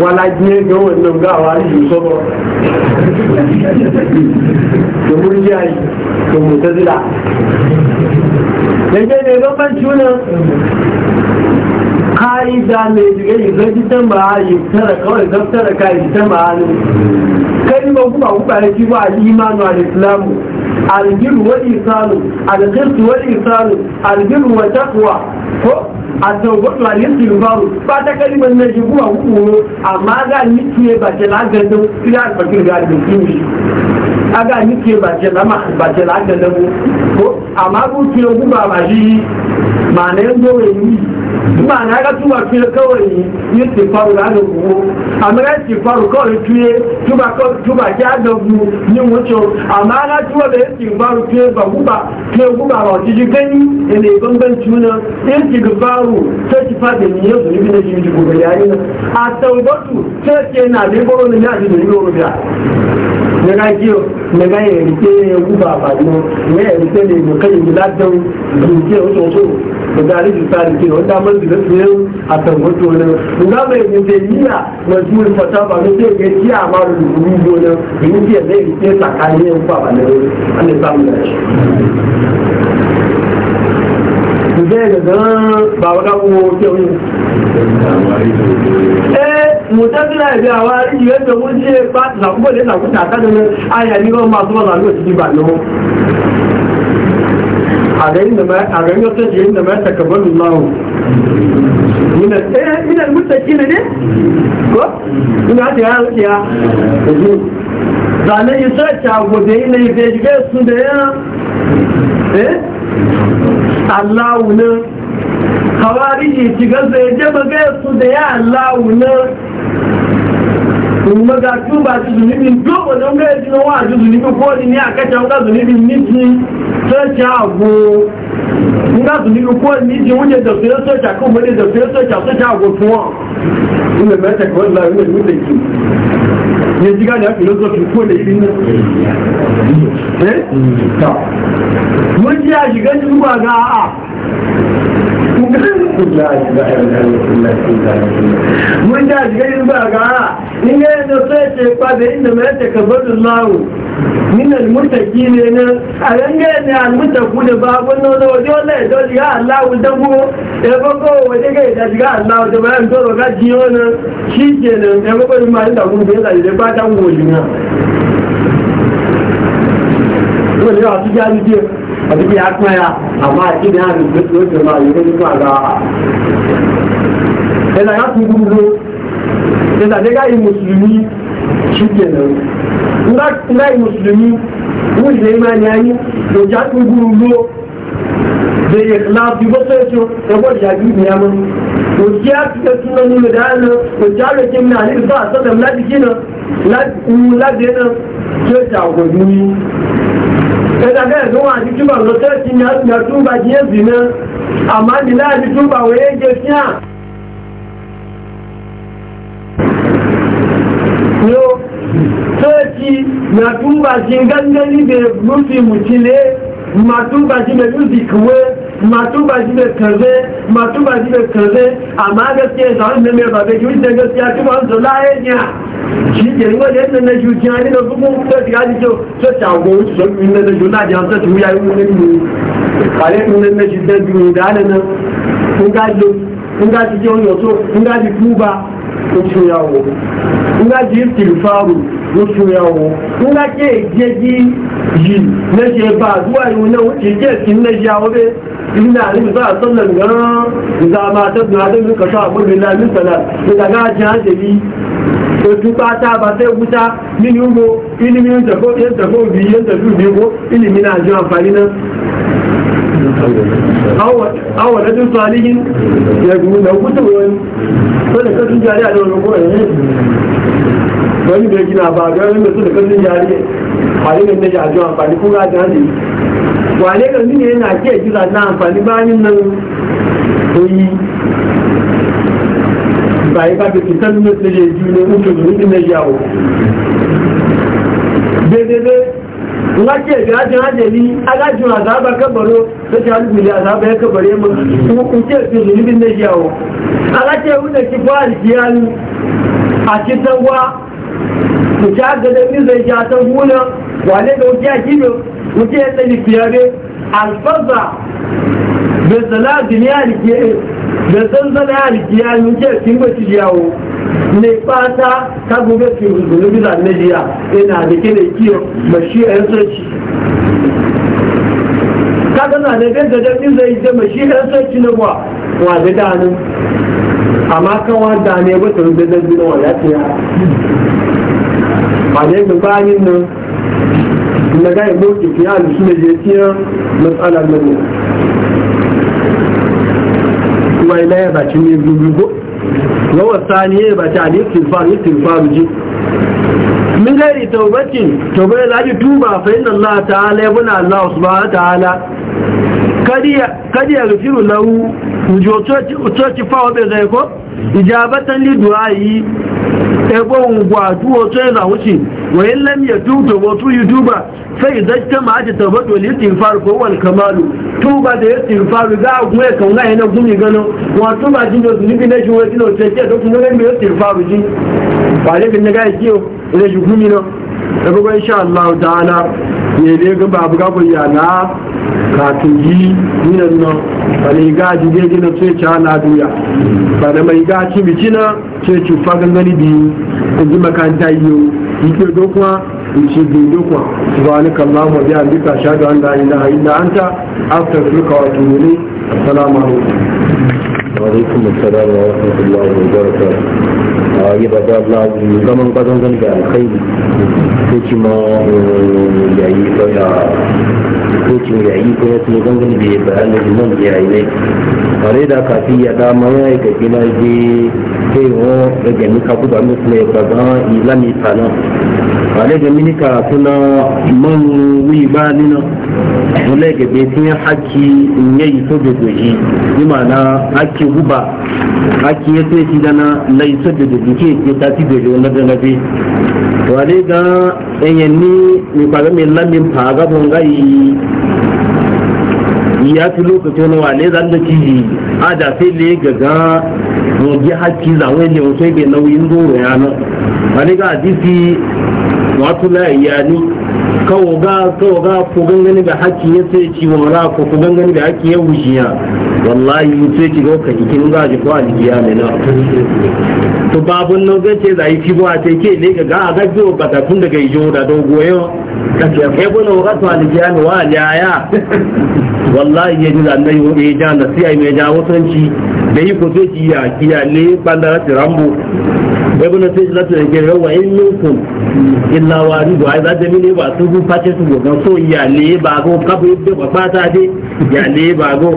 Speaker 2: wala diɲɛ kɛ o nɔ nka wa hali bi sɔrɔ tomurija yi tomutɛsi la lɛgbɛn de lɔbɛn tun na haida mai shiga yi zai ta ma'ayi tara kawai zaftara ka yi ta ma'ani kalima kuma kuma ya ci ba al'imanu al'islamu aljiru wa isanu aljiru wa isanu aljiru wa takwa ko a tawbatu a yin silbaru ba ta kalimar na shi kuma hukuru amma ga nike ba ke lagandun ila alfakir ga aljiru a ga nike ba ga lagandun ko amma ku ke hukuma ba shi ma na yanzu ba na ga tuba fiye kawai yin tifaru da hannun kuwo amma ya tifaru kawai fiye tuba ki adabu yin wuce amma na tuba da yin tifaru fiye ba guba fiye guba ba wata ji gani da ne bambanci wuna yin tifaru ta ci fada ne ya zuri bi na ji ji yayi na a taubatu ta ce na da goro ne ya ji da yi oro ne ga kiyo ne ga ya rike guba ba ne ya rike ne ga kai da ladan rike wato misali misali ke wanda man da zai yi a tarbar tonin na mai nijeriya ne fata ba na sai gaci a maru da guri gonan rinjiyar zai rike tsakanin yan kwa ba ne an da samun da shi zai ga zan ba wadda ko kyau yin mùtẹ́sílẹ̀ ìbí àwọn ìwé tó mú sí pàtàkì àkúgbò lẹ́sàkúta àtàdé ayẹyẹ ní wọ́n máa tó wọ́n lọ́wọ́ sí ìbàdàn a ganin wata jirin da mata kabar lahu eh, ina mutaki ne ko ina ta ya rukiya da ji zanen yi sarki gobe ina yi fejige su da ya eh allahu ne hawari yi shigar da ya jama gaya su da ya allahu ne 我们家猪娃就是你们猪娃子，我家猪娃子，你们猪娃子，我家你们猪娃家猪娃子，你们猪娃子，我你们猪娃子，我家猪娃子，你我家猪娃子，你们猪娃子，我家猪娃子，你们猪娃子，我家猪娃子，你们猪娃子，我家猪娃子，你们猪娃子，我家猪娃子，你们我你们猪娃子，我家你们猪娃子，我家猪娃子，你们猪娃子，mun da gani ba ga in ya yi da sai ce kwabe inda mai ta kabarin lawo min almutaki ne na a ranga ne almutaku da babun nono waje wala ya dole ga Allah da go bako waje ga da ga Allah da bayan doro ga jiyo na shi ke nan da bako in ma da gun da da ba ta goji na wala ya ji ga a duk ya tsaya amma a cikin yana da yi ma yi ne zuwa ga yana ya tudu zo yana ne ga yi musulmi shi ke nan nga yi musulmi wani da imani ya yi da ja tudu zo da ya lafi wasu ya ce ya gwada ya biyu ya mun gaskiya suka suna nuna da yana da jami'a ke mina ne ba a sanar na jiki na na da yana ko jagorni ẹ̀dàgbẹ́ ẹ̀dùn wọn àti túbà lọ tẹ́ẹ̀tì ní àtúnyà túbà jí èzì náà àmá ní láàrín túbà wọ́n yéje sí à yóò tẹ́ẹ̀tì ní àtúbà jí gángan níbi mùsùlùmù ti lé màtúbà jí mẹ́lú zìkúwé masu ba shi mai karbe masu ba shi mai amma gaskiya da wani mai ba bai yi gaskiya ci ba su laye ne shi ke ruwa da yadda na juji a nina su ta shiga ji kyau ta shago wuce sun yi na juji na jihar ta tuya yi wani ne kare ɗin na shi ta biyu da ana nan kun gaji kun gaji kyau yau so kun gaji tuba kun tuyawo kun gaji yi tilfaru oṣù ẹ̀wọ̀ nígbàtí èjèjì yìí lẹ́ṣẹ̀ bá àdúrà ìwò náà ó ti jẹ́ sí lẹ́ṣẹ̀ a ìrìnà àríwísọ́ àtọ́lẹ̀ gan-an ìzàmà àtẹ́gùn adébí kọ̀ṣọ́ àgbóbìnrin náà nípẹ̀lẹ̀ ìdàgá àjẹ́ àjẹ́bí ojú pátá àbáṣẹ́ òkúta nínú ugbo ilimi ìjẹ̀kọ́ òbí yẹn tẹ̀lú ìbí owó ilimi náà jọ àǹfààní náà awon da dun salihin ya gudu da hukuta wani wanda kasu jari a da kuma wani da gina ba ga wani mutum da kasin jari kwale ne na jajo amfani ko ga jari kwale ga mini yana ke gina na amfani bayan nan koyi bayi ka bi fitan na tsaye biyu ne mutum da mutum na yawo daidai lake gajin hajjali a gajin azaba kabaro ta ce halibili azaba ya kabare mu kuma kuke fi zunubin na yawo a lake wuda ki fara kiyalu a cikin wa ku ci haka da ni zai ja ta hula wane da wuce a gido wuce ya tsali fiye alfaza da zala duniya da ke da zanzana ya rike ya yi wuce kin ba ci yawo mai fata ta gobe ke ruzuru bisa na jiya yana da ke da kiyo mashi a yanzu ka gana da gaggar da ni zai da mashi a yanzu na wa wa da danin amma kan wa dane ba ta rubuta da wani ya a ne da bayanin nan na gaya boke fiya da su da jefiyar na nan kuma ila ya baci ne ko yawa sani ya baci a ne tilfaru tilfaru ji min gairi taubatin taubai laji tuba fa inna Allah ta'ala yabuna Allah subhanahu wa ta'ala kadi ya gafiru lahu ujo coci fawa bai zai ko ijabatan li du'a yi ẹgbọ́n gwàdú ọ̀tọ́ ẹ̀zà wúṣì wọ́n lẹ́m yẹ túbọ̀ wọ́n tún yí sai fẹ́ ìdájítẹ́ máa ti tàbọ̀ tó lè tìǹfàrù ko wani kamalu tuba da yẹ tìǹfàrù gáàgùn a ńlá yẹn gún mi gánà wọ́n túbà jí lọ níbi lẹ́ṣin wọ́n ti lọ tẹ̀ tẹ̀ tó fún lọ́lẹ́ mi yẹ tìǹfàrù jí wàlẹ́ fi nígbà yìí kí o lẹ́ṣin gumi na náà ẹgbẹ́gbẹ́ insha Allah ta'ala yele ga babu gabu ya na katun yi ninan nan ba ne ga ji dai gina sai ci ana duya ba da mai ga ci bici na sai ci gangani biyu in ji makaranta yiwu yi ke dokuwa in ci biyu dokuwa subhanaka allahumma wa bihamdika ashhadu an la ilaha illa anta astaghfiruka wa atubu ilayk assalamu alaikum
Speaker 1: alaikum wa rahmatullahi wa barakatuh yi ba da lagu zaman kwazon zan da kai ko
Speaker 2: ilai ga betin haki in ya yi so da doji bi ma'ana haki guba haki ya sai shi dana lai so da doji ke ke ta ti doji wani da nabi wale ga yanyanni mai kwaga mai lamin faga yi ya fi lokacin wale zan da ciji a da sai le gaga gogi haki zawai ne wato bai nauyin doro yana wale ga hadisi wato la ni. kawo ga ga ku gangani da haƙƙi ya sai ci wa ra ku ku gangani da haƙƙi ya wujiya wallahi sai ki ga ka kin ga ji ko aliya ne na to babun nan ga ce zai fi ba ce ke ne ga ga ga ba ta kun daga ijo da dogo yo kace kai ko ga to aliya ne wa aliya wallahi ya ji zanna yo e ja na sai mai ja wasanci da yi ko sai ci ya kiya ne bandara tirambo ibn sijlatu da ke rawa in minkum illa waridu ai za ta mini ba su gun face su gogan so ya le ba go kafa yadda ba fata dai ya le ba go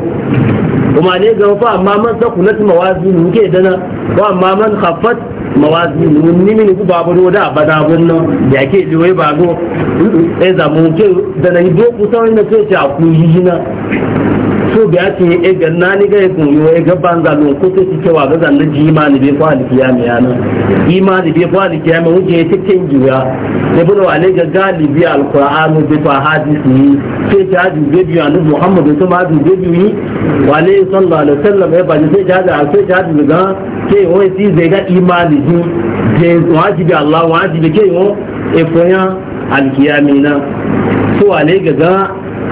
Speaker 2: kuma ne ga fa amma man sa kulat mawazin ke dana ba amma man khaffat mun ni min ku ba bado da abada gunno ya ke liwai ba go sai eh, zamu ke dana ido kusan ne ce ta ku yi na to biya ce e ga nani ga yakun e yo e ga banza lo ko to ci cewa ga zan ji imani be fa al kiyami na imani be fa al kiyami wuje ya cikin juya ne bulo ale ga galibi al qur'anu be fa hadisi ce ta ju be biya ne muhammadu to ma ju be biyi wa ale sallallahu alaihi wasallam ya e ba ce ja da sai ja ju ga ke wai si zai ga imani ji je wajibi allah wajibi ke yo e foya al kiyami na to ale ga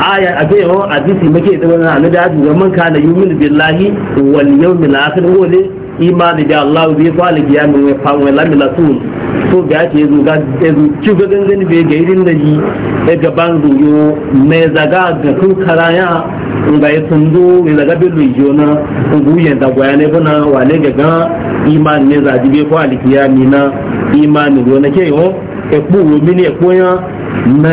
Speaker 2: aya a bai yawan hadisi muke da wannan annabi ya duba man kana yumin billahi wal yawmil akhir wole imani da Allah bi salih ya mun fa wa lam rasul to ga ce yazo ga yazo ci ga gangan bai ga irin da yi da gaban ruyo me zaga ga kun karaya in ga yasun do me zaga bi ruyo na guyen da gwaya ne bana wale ga ga imani ne zaji bi ko alkiyami na imani ruwa na ke yo ẹ̀kú wo mi ní ẹ̀kú yẹn na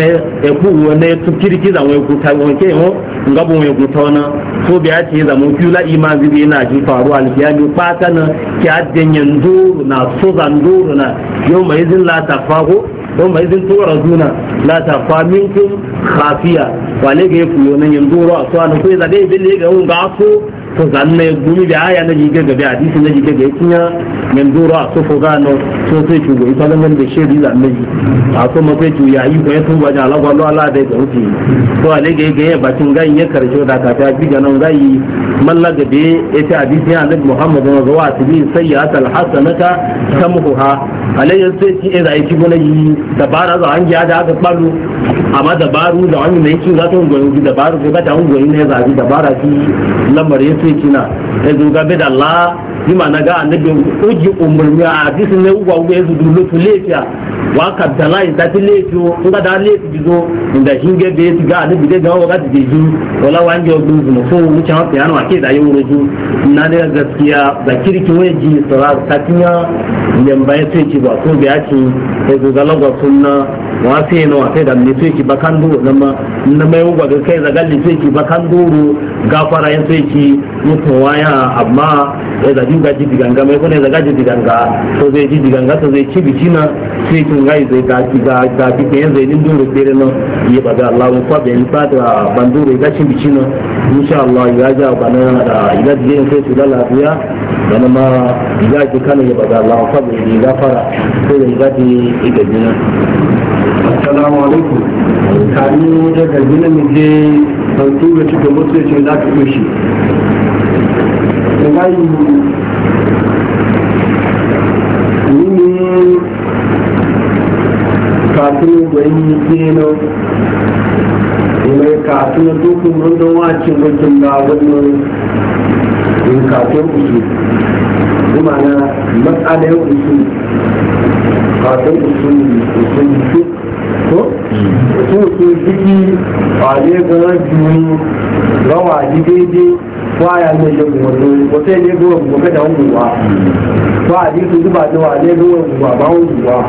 Speaker 2: ẹ̀kú wo na ẹ̀tú kiriki zàwọn ẹ̀kú ta wọn kẹ́ wọn nga bọ̀ wọn ẹ̀kú tọ́ na tó bí a ti zàwọn kí la ima zibi na ju faru alifiyani kpata náà kí a dẹ̀nyẹ̀ ndóoru na sọ́zà ndóoru náà yóò ma izin láta ta fago yóò ma izin tóra zuna náà láta fa mí kún wale wà ya fuyo na yin doro a suwa na kuwa zaɗe ibi ne ga wọn to zanne gumi da aya na jiga gabe hadisi na jiga ya kinya men doro a sofo gano to sai ku ita da man da shedi da ji a ko ma sai ya yi ko ya ba da Allah wallahu Allah da gauti to ale ga ga tin ga ya karjo da ka ta jiga nan gai malla gabe ita hadisi ya Annabi Muhammad sallallahu tibi sayyat al hasanata ale alayhi sai ki ida yi gona yi dabara za an ga da aka balu amma dabaru da wani ne yake za ta ungwayi dabaru ko ga ta ungwayi ne za a dabara ki lamar yake sai kina ya zuga be bi na ga annabi uji umurni a hadisi ne uwa uwa yanzu dulu tu lefiya wa ka dala in tafi lefiyo in ka da lefi bizo inda shi ga be ga annabi da ga wa ti ji wala wa ngi ogun zuma ko mu cha ta yana ke da yin ruju na ne gaskiya da kirki wai ji sara ta tinya yan baya sai ki ba ko biya ci ko zo ga lagwa sunna wa sai no sai da ne sai ki bakan duro nan ma na mai uwa ga kai zaga ne sai ki bakan duro gafara yin sai ki mutuwa ya amma da e inda ji diganga mai kone daga ji diganga to zai ji diganga to zai ci bici na
Speaker 1: sai zai ga ki ga ga ki ke zai din fere na ya baga Allah ko da ba da ga ci bici na insha Allah ya bana da ji sai lafiya
Speaker 2: dan ma ya ji kana ya baga Allah ko da sai ya ga ji assalamu alaikum mu je tura da ka kushi ake mulkin na wannan rinkafin usul kuma na matsalar usul kafin usul usul duk ko usul duk a ne ga rawa daidai waya ne ya kuma to ko sai ne go ko ka da huwa to a ji su ba a wale go huwa ba huwa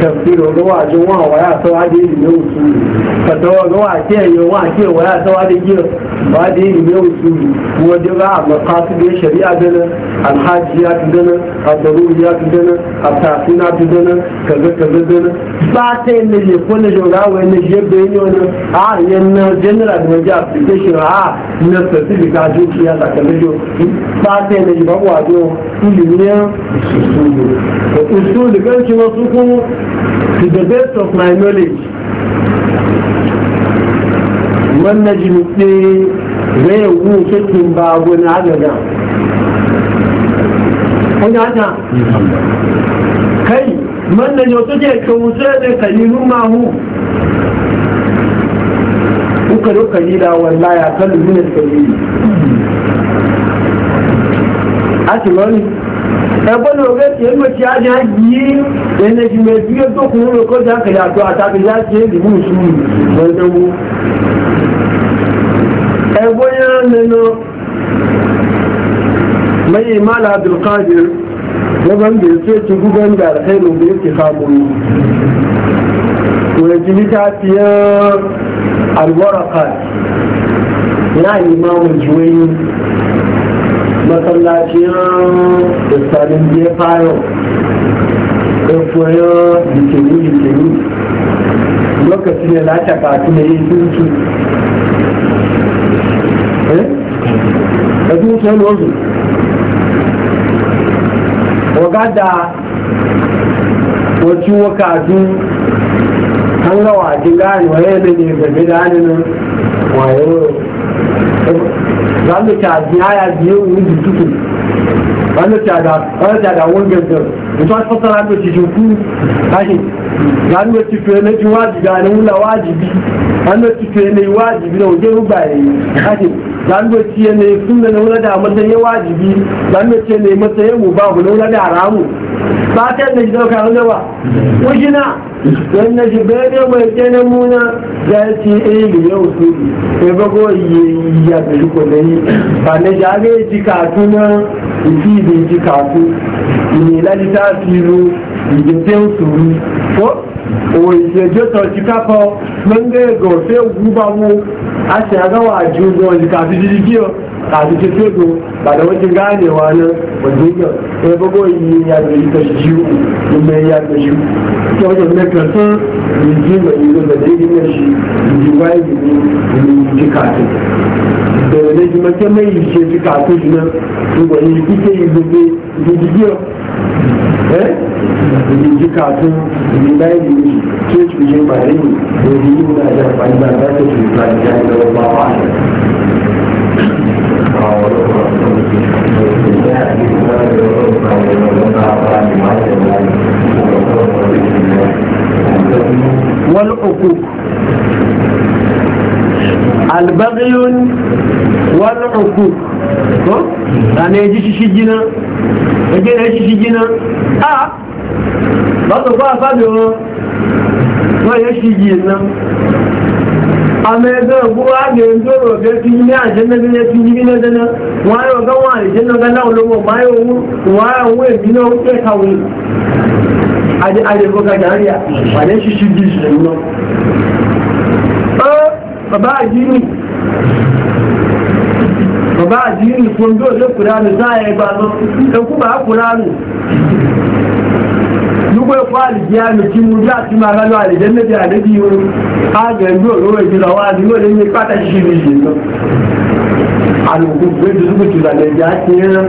Speaker 2: tafsiro go wa jin wa wa ya so a ji ne usu ka to go wa ke yo wa ke wa ya so a ji ba da ne usu ko da ga maqasid shari'a da alhajiyat da al-daruriyat da al-tafinat da kaza kaza da ba sai ne ne ko ne jorawa ne je bayyana a yan general da wajen application a na specific ajuki siyasa kamar yau fata yana yi babu wajo ilimin usulu da usulu kan ci wasu ku to the best of my knowledge man na ji nutse zai wu kekin babu na agaga wani haka kai man na yau take kawuce da kalilun mahu kuka da kalila wallahi a kan luminar kalili àti lọ́rìn ẹgbọ́n ní ọgbẹ́ tí èmi ti ajá yí ẹni tí mo ti yé tó kún un lóko já kẹlẹ́ àtọ́ àtàkì láti èdè mú ìṣúlù lọ́dọ́wọ́ ẹgbọ́n yẹn nínú mai imala abdulkadir wajen da ya ce ci gugan da alkhairu da yake samun wajen littafiyar alwarakat na imamun juwayi masallacin isalin jefayo ɗaukoyo jikinu-jikinu lokacin da lata kafin eh? da yi tuntu eh? ɗazu sun wanzu wagada wacce wakatu an gawa jin gani waye ne gabe da hannun wayo wanda ta biya biyu ne da tuku wanda ta da wanda ta da wanda da mutum a fasara da cikin ku kashi ga nuna cikin ne ji wajibi ga wula wajibi wanda cikin ne yi wajibi na wajen ruba ya yi kashi ga nuna cikin na ne sun da na wula da matsayin wajibi ga nuna cikin ne yi matsayin mu babu na wula da haramu ba ta yadda shi dauka wanda ba wajina wannan jibedo mai kenan muna ya ce ilimin eh, yau su ne ba ko yi ya tsari ko da yi ba na ji aga yi jikatu na isi da yi jikatu ne lalita filu ìgbésẹ̀ sòrò fọ́ òwò ìṣẹ̀jọ́ sọ ti kápọ̀ mẹ́ngẹ́ gọ̀ọ́fẹ́ wa àṣẹ àgáwà àjò gan ba da wajen ganewa nan wanda yake ya bago yi ya da yi ta shi kuma ya ta shi ta wajen na kasa yi ji ma yi da zai yi na shi yi ji waye da ni yi ji kafin da da ji mace mai yi ce ji kafin shi nan yi kike yi da ke yi ji biyo eh yi ji kafin yi da yi ni ce ci ba yi da yi na da ba ta ci ba da
Speaker 1: ba ba والعقوق
Speaker 2: البغي والعقوق أنا يعني يجي شجنا اجي يجي شجنا آه بس هو فابيو هو يجي شجنا amẹ́gbẹ́ ògbówó àgbèrè tó rò fẹ́ fi ní àjẹ́mẹ́gbẹ́ fi ní ilé dẹ́nà wọ́n yóò gán wọ́n àìjẹ́ náà gán láwọn olówó máa yóò wú wọ́n á wú èmi náà ó tẹ́ kàwé àti àjẹ́fọ́gà jàríà pàdé ṣíṣí bí ìṣẹ̀lẹ̀ náà. ó bàbá àjírí bàbá àjírí fún bí òṣèkùnrin àmì sáà ẹgbàá lọ ẹkú bàá kùnrin àmì kó ẹ̀kọ́ àlìjẹ́ àmì tí mo yá àti máa lálọ́ àlìjẹ́ méjì àlejì o àgbẹ̀ndú òróró ìjìnlọ wa ni ó lè ní pátá ṣíṣe ní ìṣe lọ. àlùkò gbé dúdú kùtù làlẹ̀ ìjà ti ń rán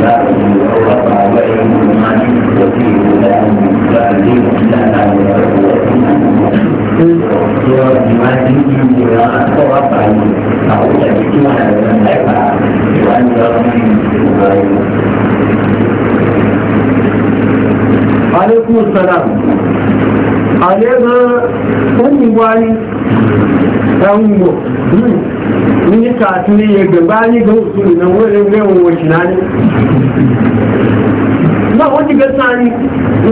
Speaker 1: لا أجل أو رفع وإن ما وفيه لا فأجيب إلا أن يرد وإن سورة ما تجيب ولا أو رفع أو تجيب على من يفعل وأن يرمي
Speaker 2: عليكم السلام àlẹ́gbẹ́ oníwárí ẹ̀wùgbò níta àti ní ẹgbẹ̀gbá ní gọ́ọ̀sù ìnáwó ẹgbẹ̀rún òṣìláyé ba wani ga sani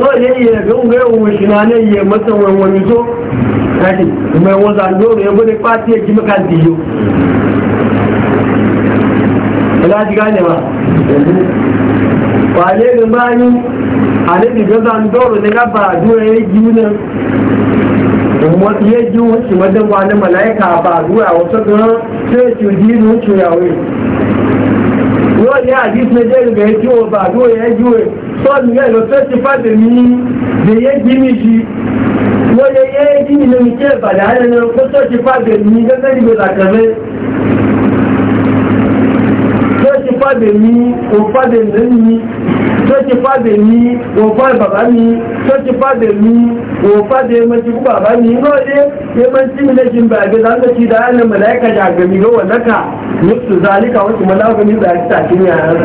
Speaker 2: no ne ya ga unga yau shi na ne ya masa wani wani zo kaji mai waza ndo ne gode fati ya kima kan diyo ala ji gane ba wale ga bani anabi gaza ndoro ne ga ba duwa ya yi nan wasu ya ji wuce wajen wani mala'ika ba duwa wasu ga sai ci ji wuce ye. wọ́n ní àdísí ẹjẹ́ ìgbẹ̀ tí ó bà ló yẹ jú ẹ̀ sọ́ọ̀nù yẹ lọ fẹ́ ti fàdé ní lèyẹ jí mi jí wọ́n lè yẹ jí mi lórí tí ẹ̀bàdà ne lọ kó tó ti fàdé ní gẹ́gẹ́ ìgbẹ̀ làkẹ́fẹ́ tó ti fa ní òfàdé lẹ́yìn tó ti fàdé mi wò fà bàbá mi tó ti fàdé mi wò fàdé mẹ́tí fún bàbá mi ní ọdẹ yamanci mi lẹ́jìn bá gbé dáná ti dá ẹnà mọ̀lẹ́kà jà gbẹ̀mí ló wọ̀ lẹ́kà ní ṣùzá níka wọ́n ti mọ̀ láwọn gbẹ̀mí bá ti tàkí ní àárẹ̀.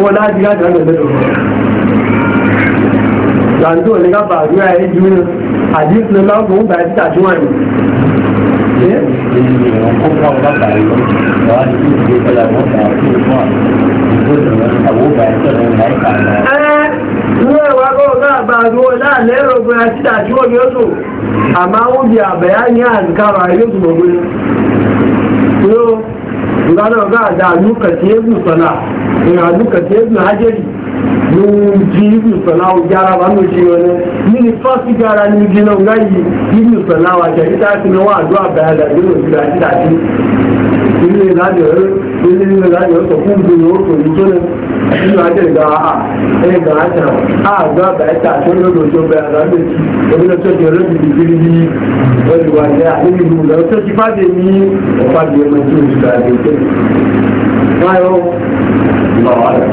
Speaker 2: wọ́n láti gá dáná lẹ́dọ̀ làǹdó ní a bàbá rẹ̀ ẹ̀jú àdìsí lọ́gbọ̀n bá ti tàkí wọ́n yìí. Ilé ba kọ́ ọ̀gá àgbà àdúgbò láàrín a ògbìn àti ìdájúwò yóò tó, àmá ó di àbẹ̀yá ní àǹkàrà gbogbo. Yóò, ìgbàdàn ọ̀gá àdá àlúkà tí é gùn sọ́lá, ìrìn àlúkà tí é ìbìnú sọ̀nà òjára wà ní ojú ọ̀nà nínú fọ́sí gara ní ojú náà ńgá yìí ìbìnú sọ̀nà àjẹ́ títà sí lọ́wọ́ àdó àbáyà dàbí òjú àti dàbí ilé ìlàjọ̀ ilé ìlàjọ̀ sọ fún ìbìnú oṣù ìjọ́nà nínú ajẹ́ ìgbà àà ẹgbà àjà àgbà àbáyà tàbí olóòdò tó bẹ àdábẹ́ òbílẹ̀ tó jẹ́ rẹ́bì ìbírí ní ọdún wà ní àdébìnú lọ tó ti fáde ní ọ̀pá Milo الله أعلم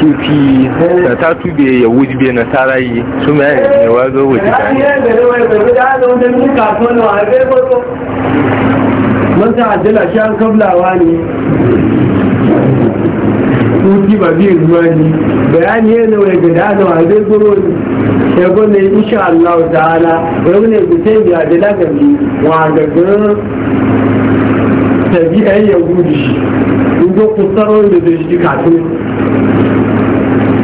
Speaker 2: sufi da ta tube ya wuji bai na tarayi su mai ne wazo wuji ta ne man ta ajala shi an kablawa ne tuki ba biyu ruwa ne bayani yana wai gada da wa zai goro ne ya yi insha Allah ta'ala wai ne gutai biya da lagabi wa gaggar tabi'ai yahudi in ga kusarar da zai shi kafin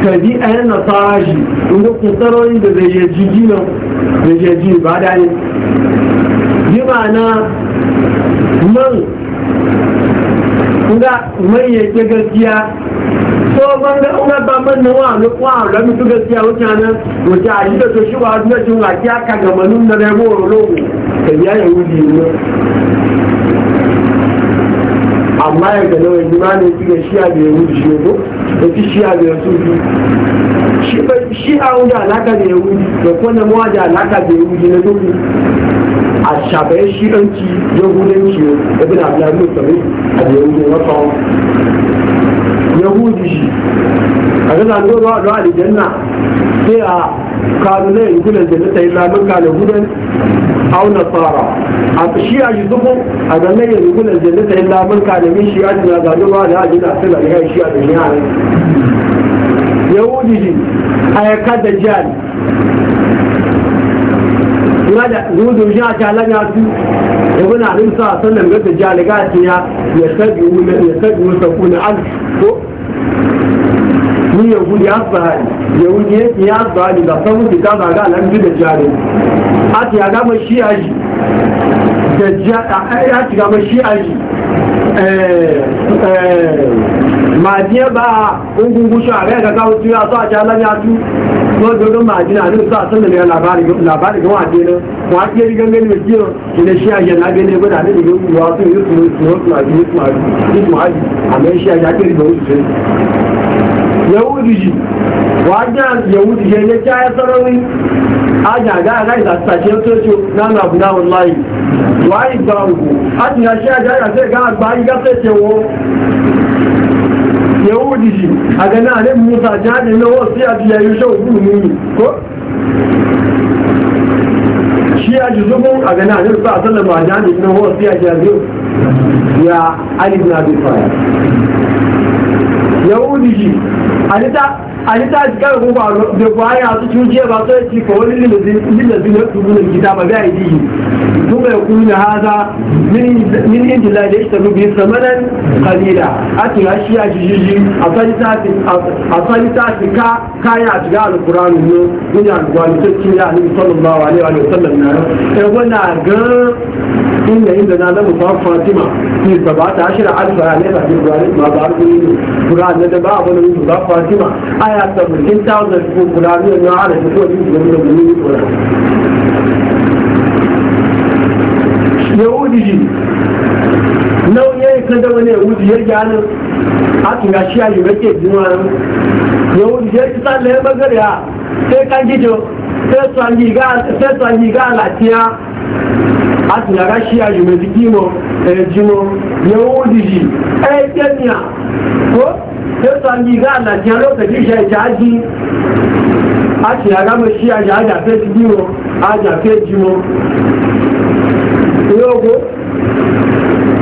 Speaker 2: kadi a yana fara shi inda kusurori da zai yi jiji nan da zai ji ba da ne ji ma'ana man nga man ya ke gaskiya so ban ga una ba man na wa kwa la mi gaskiya wata nan wata a da to shi wa na jin wa ya ka ga manun na ne mo lo ko ya ya wuri ne amma ya ga nawa ma su ga shiya da ya shi ko da fi shiya da ya sufi shi a wuce alaka da ya da kone mawa da alaka da ya na dubu a shafayen shi'anci yahudanci da bin abdullahi musamman a da ya wuce wata yahudi shi a ga zango ba da alijanna sai a kanu na yankunan da na tayi lamun kanu gudan أو نصارى الشيعة يذبوا هذا ما يقول الجنة إلا من كان من شيعتنا قالوا هذا جنة سنة لهي الشيعة يعني يهودي أيكا دجال ماذا يهود جاء جعلنا يأتي يقول عليه الصلاة والسلام قد دجال قاتنا يستبعون يستبعون سكون ألف ni yahudi ya tsari yahudi ya tsari ba san mutu ka da jari a ti aga ma shi aji da jari a ti aga ma shi aji màdíẹ́ bá ogungunṣọ́ ààrẹ ẹ̀gagá ojú àtọ́ àti aláyájú lọ́dọ̀ọ́dọ́ màdínà ní ìsọ́ àtọ́lẹ̀lẹ̀ làbárì gan àdé yahudi ji wajen yahudi ji ne ta ya sarari aja ga ga da tsace to to na na guda wallahi wai ba ku aji ya sha ga sai ga ba yi ga sai wo yahudi ji a ga na ne musa jadi na wasu ya biya yi shau bu ni ko shi ya ji zubun a ga na ne ba sallama jadi na wasu ya jadi ya ali na bi fa ji alita ti kẹrù fún pàrọ gbogbo ayé àtúntí ó wani bàtọ́ ti kọ̀wọ́ lílẹ̀sí lẹ́kùnrin lè gíta bàbá ìdí yìí ko bẹ̀rẹ̀ kúrú na haza min indila da ta rubi samanan kalila a ti ra a jijiji asalita ti ka kaya a shiga alkuranu ne wani alkuranu ta ya alaihi sallallahu alaihi wa sallam na yau inda inda na zama ba fatima fi sabata ashira alfa ya ma ba kura da ba ba fatima aya ta mutum ta wanda su kura ne na ala ko yi kura yahudi ji nauyin kan da wani yahudi ya gyanu a tunga shi a yi rake jinuwa yahudi ya ci tsalle ya sai kan gijo sai latiya àti yàrá ṣí àyùmọ̀ ti kí wọn ẹ̀jú wọn yẹn ó dìjì ẹ̀ jẹ́ ní à kó tẹ́sán yìí gá àlàjì alókèjì ṣe ìjà jí àti yàrá mọ̀ ṣí shi àjà fẹ́ ti kí wọn àjà fẹ́ jí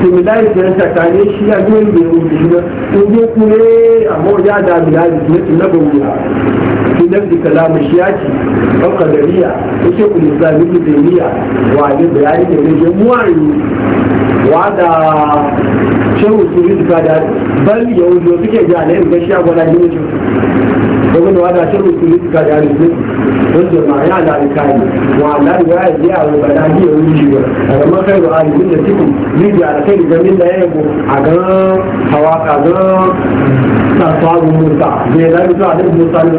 Speaker 2: similaire tiɲɛ ta k'a ye siya n'o ye yɛrɛ wuli na o bɛ kule a mɔgɔ y'a da bila a jiginɛ tun bɛ wula tun bɛ kalamu siya ci o kadariya o se kuli fila ni kuli tɛmiya wa ale bɛ a ye tɛmɛ je mua ye wa da shehu suri ka da bali yahudu suke ja ne ga siya wala jini domin wani ashe ne kuli suka da yari ne don jama'a ya da alikai wa na riwaya ya yi abu ba na yi ya wuce ba a zama kai ba ayi da ciki libya da kai da min da ya yi a gan hawa ka gan sassuwa da musa zai zai zuwa da musa ne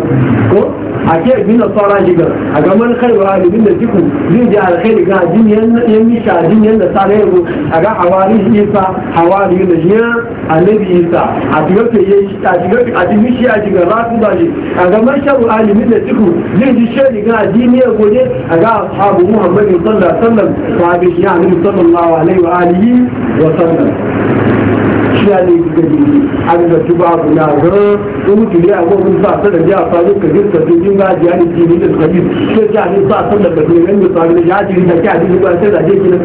Speaker 2: ko a ke bin nasara shiga a ga kai wa bin da jiku zai ji alkhairi ga jin yan misha jin yan nasara ya zo a ga hawari isa hawari da jiya annabi isa a shiga ke yi a shiga a jin shi a shiga rasu da shi a ga man shabu ali da jiku zai ji shari ga jin ya a ga ashabu muhammadu sallallahu alaihi wa sallam sahabi ya annabi sallallahu alaihi wa alihi wa sallam ya ne duka ji an ga tuba ku na ga in ki ya ko kun sa ta da ya fa duka ji ta ji ga ji ani ji ni da kabi sai ta ni sa ta da kabi ne ne fa ya ji da ka ji ba sai da ji ne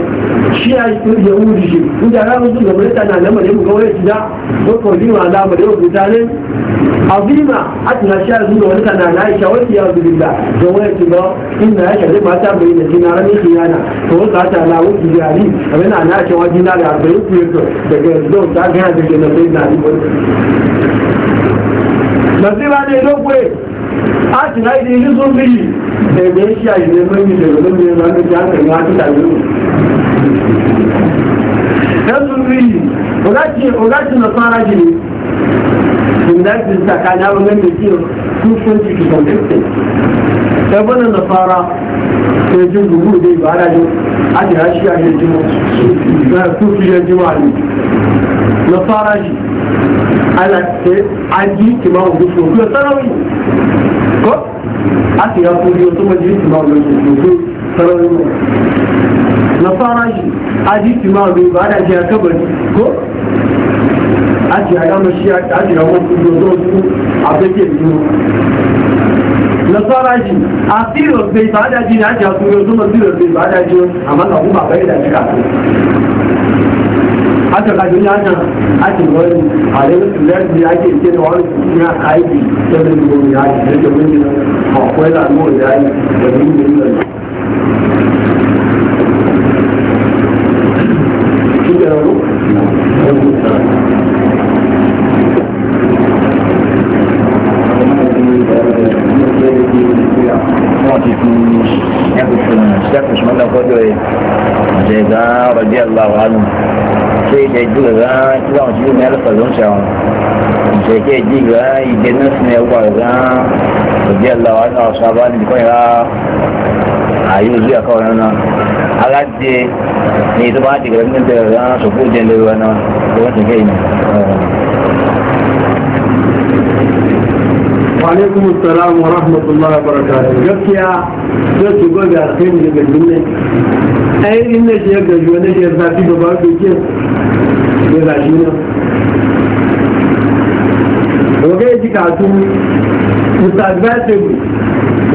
Speaker 2: shi ya yi ya wuri shi inda ran ki ga mutana na mare mu ga wai da ko ko ni ma da mu da ne. tana shi sha zuwa wani kana na aisha wani ya zubi da da wani ki ba inna aisha zai mata bai da jina ran khiyana to ka ta la wuki a abin na na aisha wani na da arba'in ku yato daga zuwa ta ga da ke na sai na ni nasiba ne lokwe a tana yi da yi sun bi da ga shi a yi ne mai da yi ne na da ta ga ta da yi dan sun bi ogati ogati na fara jini similarities tsakanin abubuwan da ke kusurci to some extent ɗabar da nasara ta yi jin gugu da ba da yau a da ya shi a yi jima na kufi ya jima ne nasara shi ala ta an ji kima wa gusu ko sarawi ko a ta ya kufi wasu majalis kima wa gusu ko na fara shi a ji kima wa gusu ba da shi a kabari ko láti àyámọ̀ṣí àti àwọn òkúrò olóòtú afẹ́kẹ̀ ìlú nasaraji a tsiro bai ba da ji da ake hasu yau zuma tsiro bai ba da ji amma na kuma bai da jika haka kaji ya nan ake
Speaker 1: da jiga ga zuwa shi ne alfa zon shawon sai ke jiga idan na su ne kwa ga obi Allah wa ta saba ni ko ya ayu zuwa kawai na ala ni to a jiga min da ga so ku den da wana ko ta kai ni
Speaker 2: وعليكم السلام ورحمة الله وبركاته. يا يا تقول يا أخي ai in na je gaji wani je zafi ba ba ku ke ya zafi na oge ji ka tu mutadvative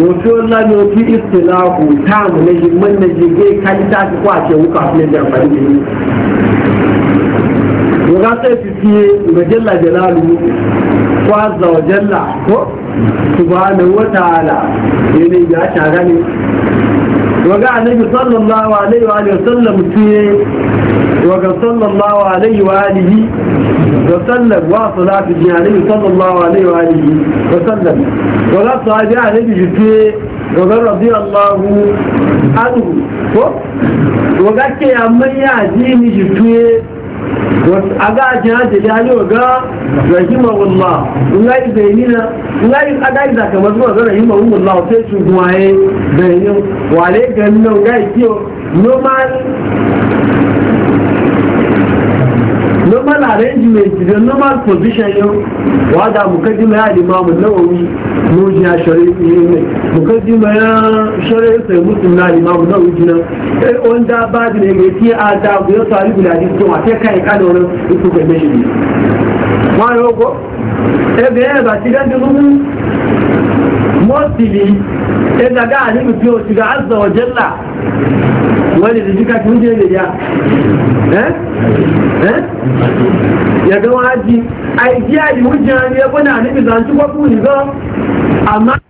Speaker 2: wato Allah ne fi istilahu tam ne ji man na ji gai kan ta ku a ce wuka ne da amfani da ni yoga sai fi fiye ga jalla jalalu ko azza wa jalla ko subhanahu wa ta'ala ne ya ta ne. وقع النبي صلى الله عليه وآله وسلم في وقع صلى الله عليه وآله وسلم واصلاة ابن صلى الله عليه وآله وسلم وقال صلى الله عليه فيه وقع رضي الله عنه وقع كي أمي عزيني فيه a ga a jihar da jihar yau ga rahima wallah in ga yi bayani na in ga yi a ga yi zakamar zuwa ga rahima wallah sai su guwaye bayani wale ganin nan ga yi kiyo normal normal arrangement the normal position yau wada mukaddima ya limamu nawawi noji ya shari'i ne mukaddima ya shari'i sai mutum na limamu nawawi jina sai on da ba da ne mai fiye a da ku ya tsari guda ji to a sai kai kada wani uku ga mashi ne ma yau ko ebe ya ba shi dan dubu mostly ya daga alimu biyo shiga azza wa jalla wọ́n lè dìjú káàkiri oúnjẹ lè yá ya wọn á di àìjí àìwújẹ ni ẹgbẹ́ náà níbi ìlànà tí wọ́n kú nìkan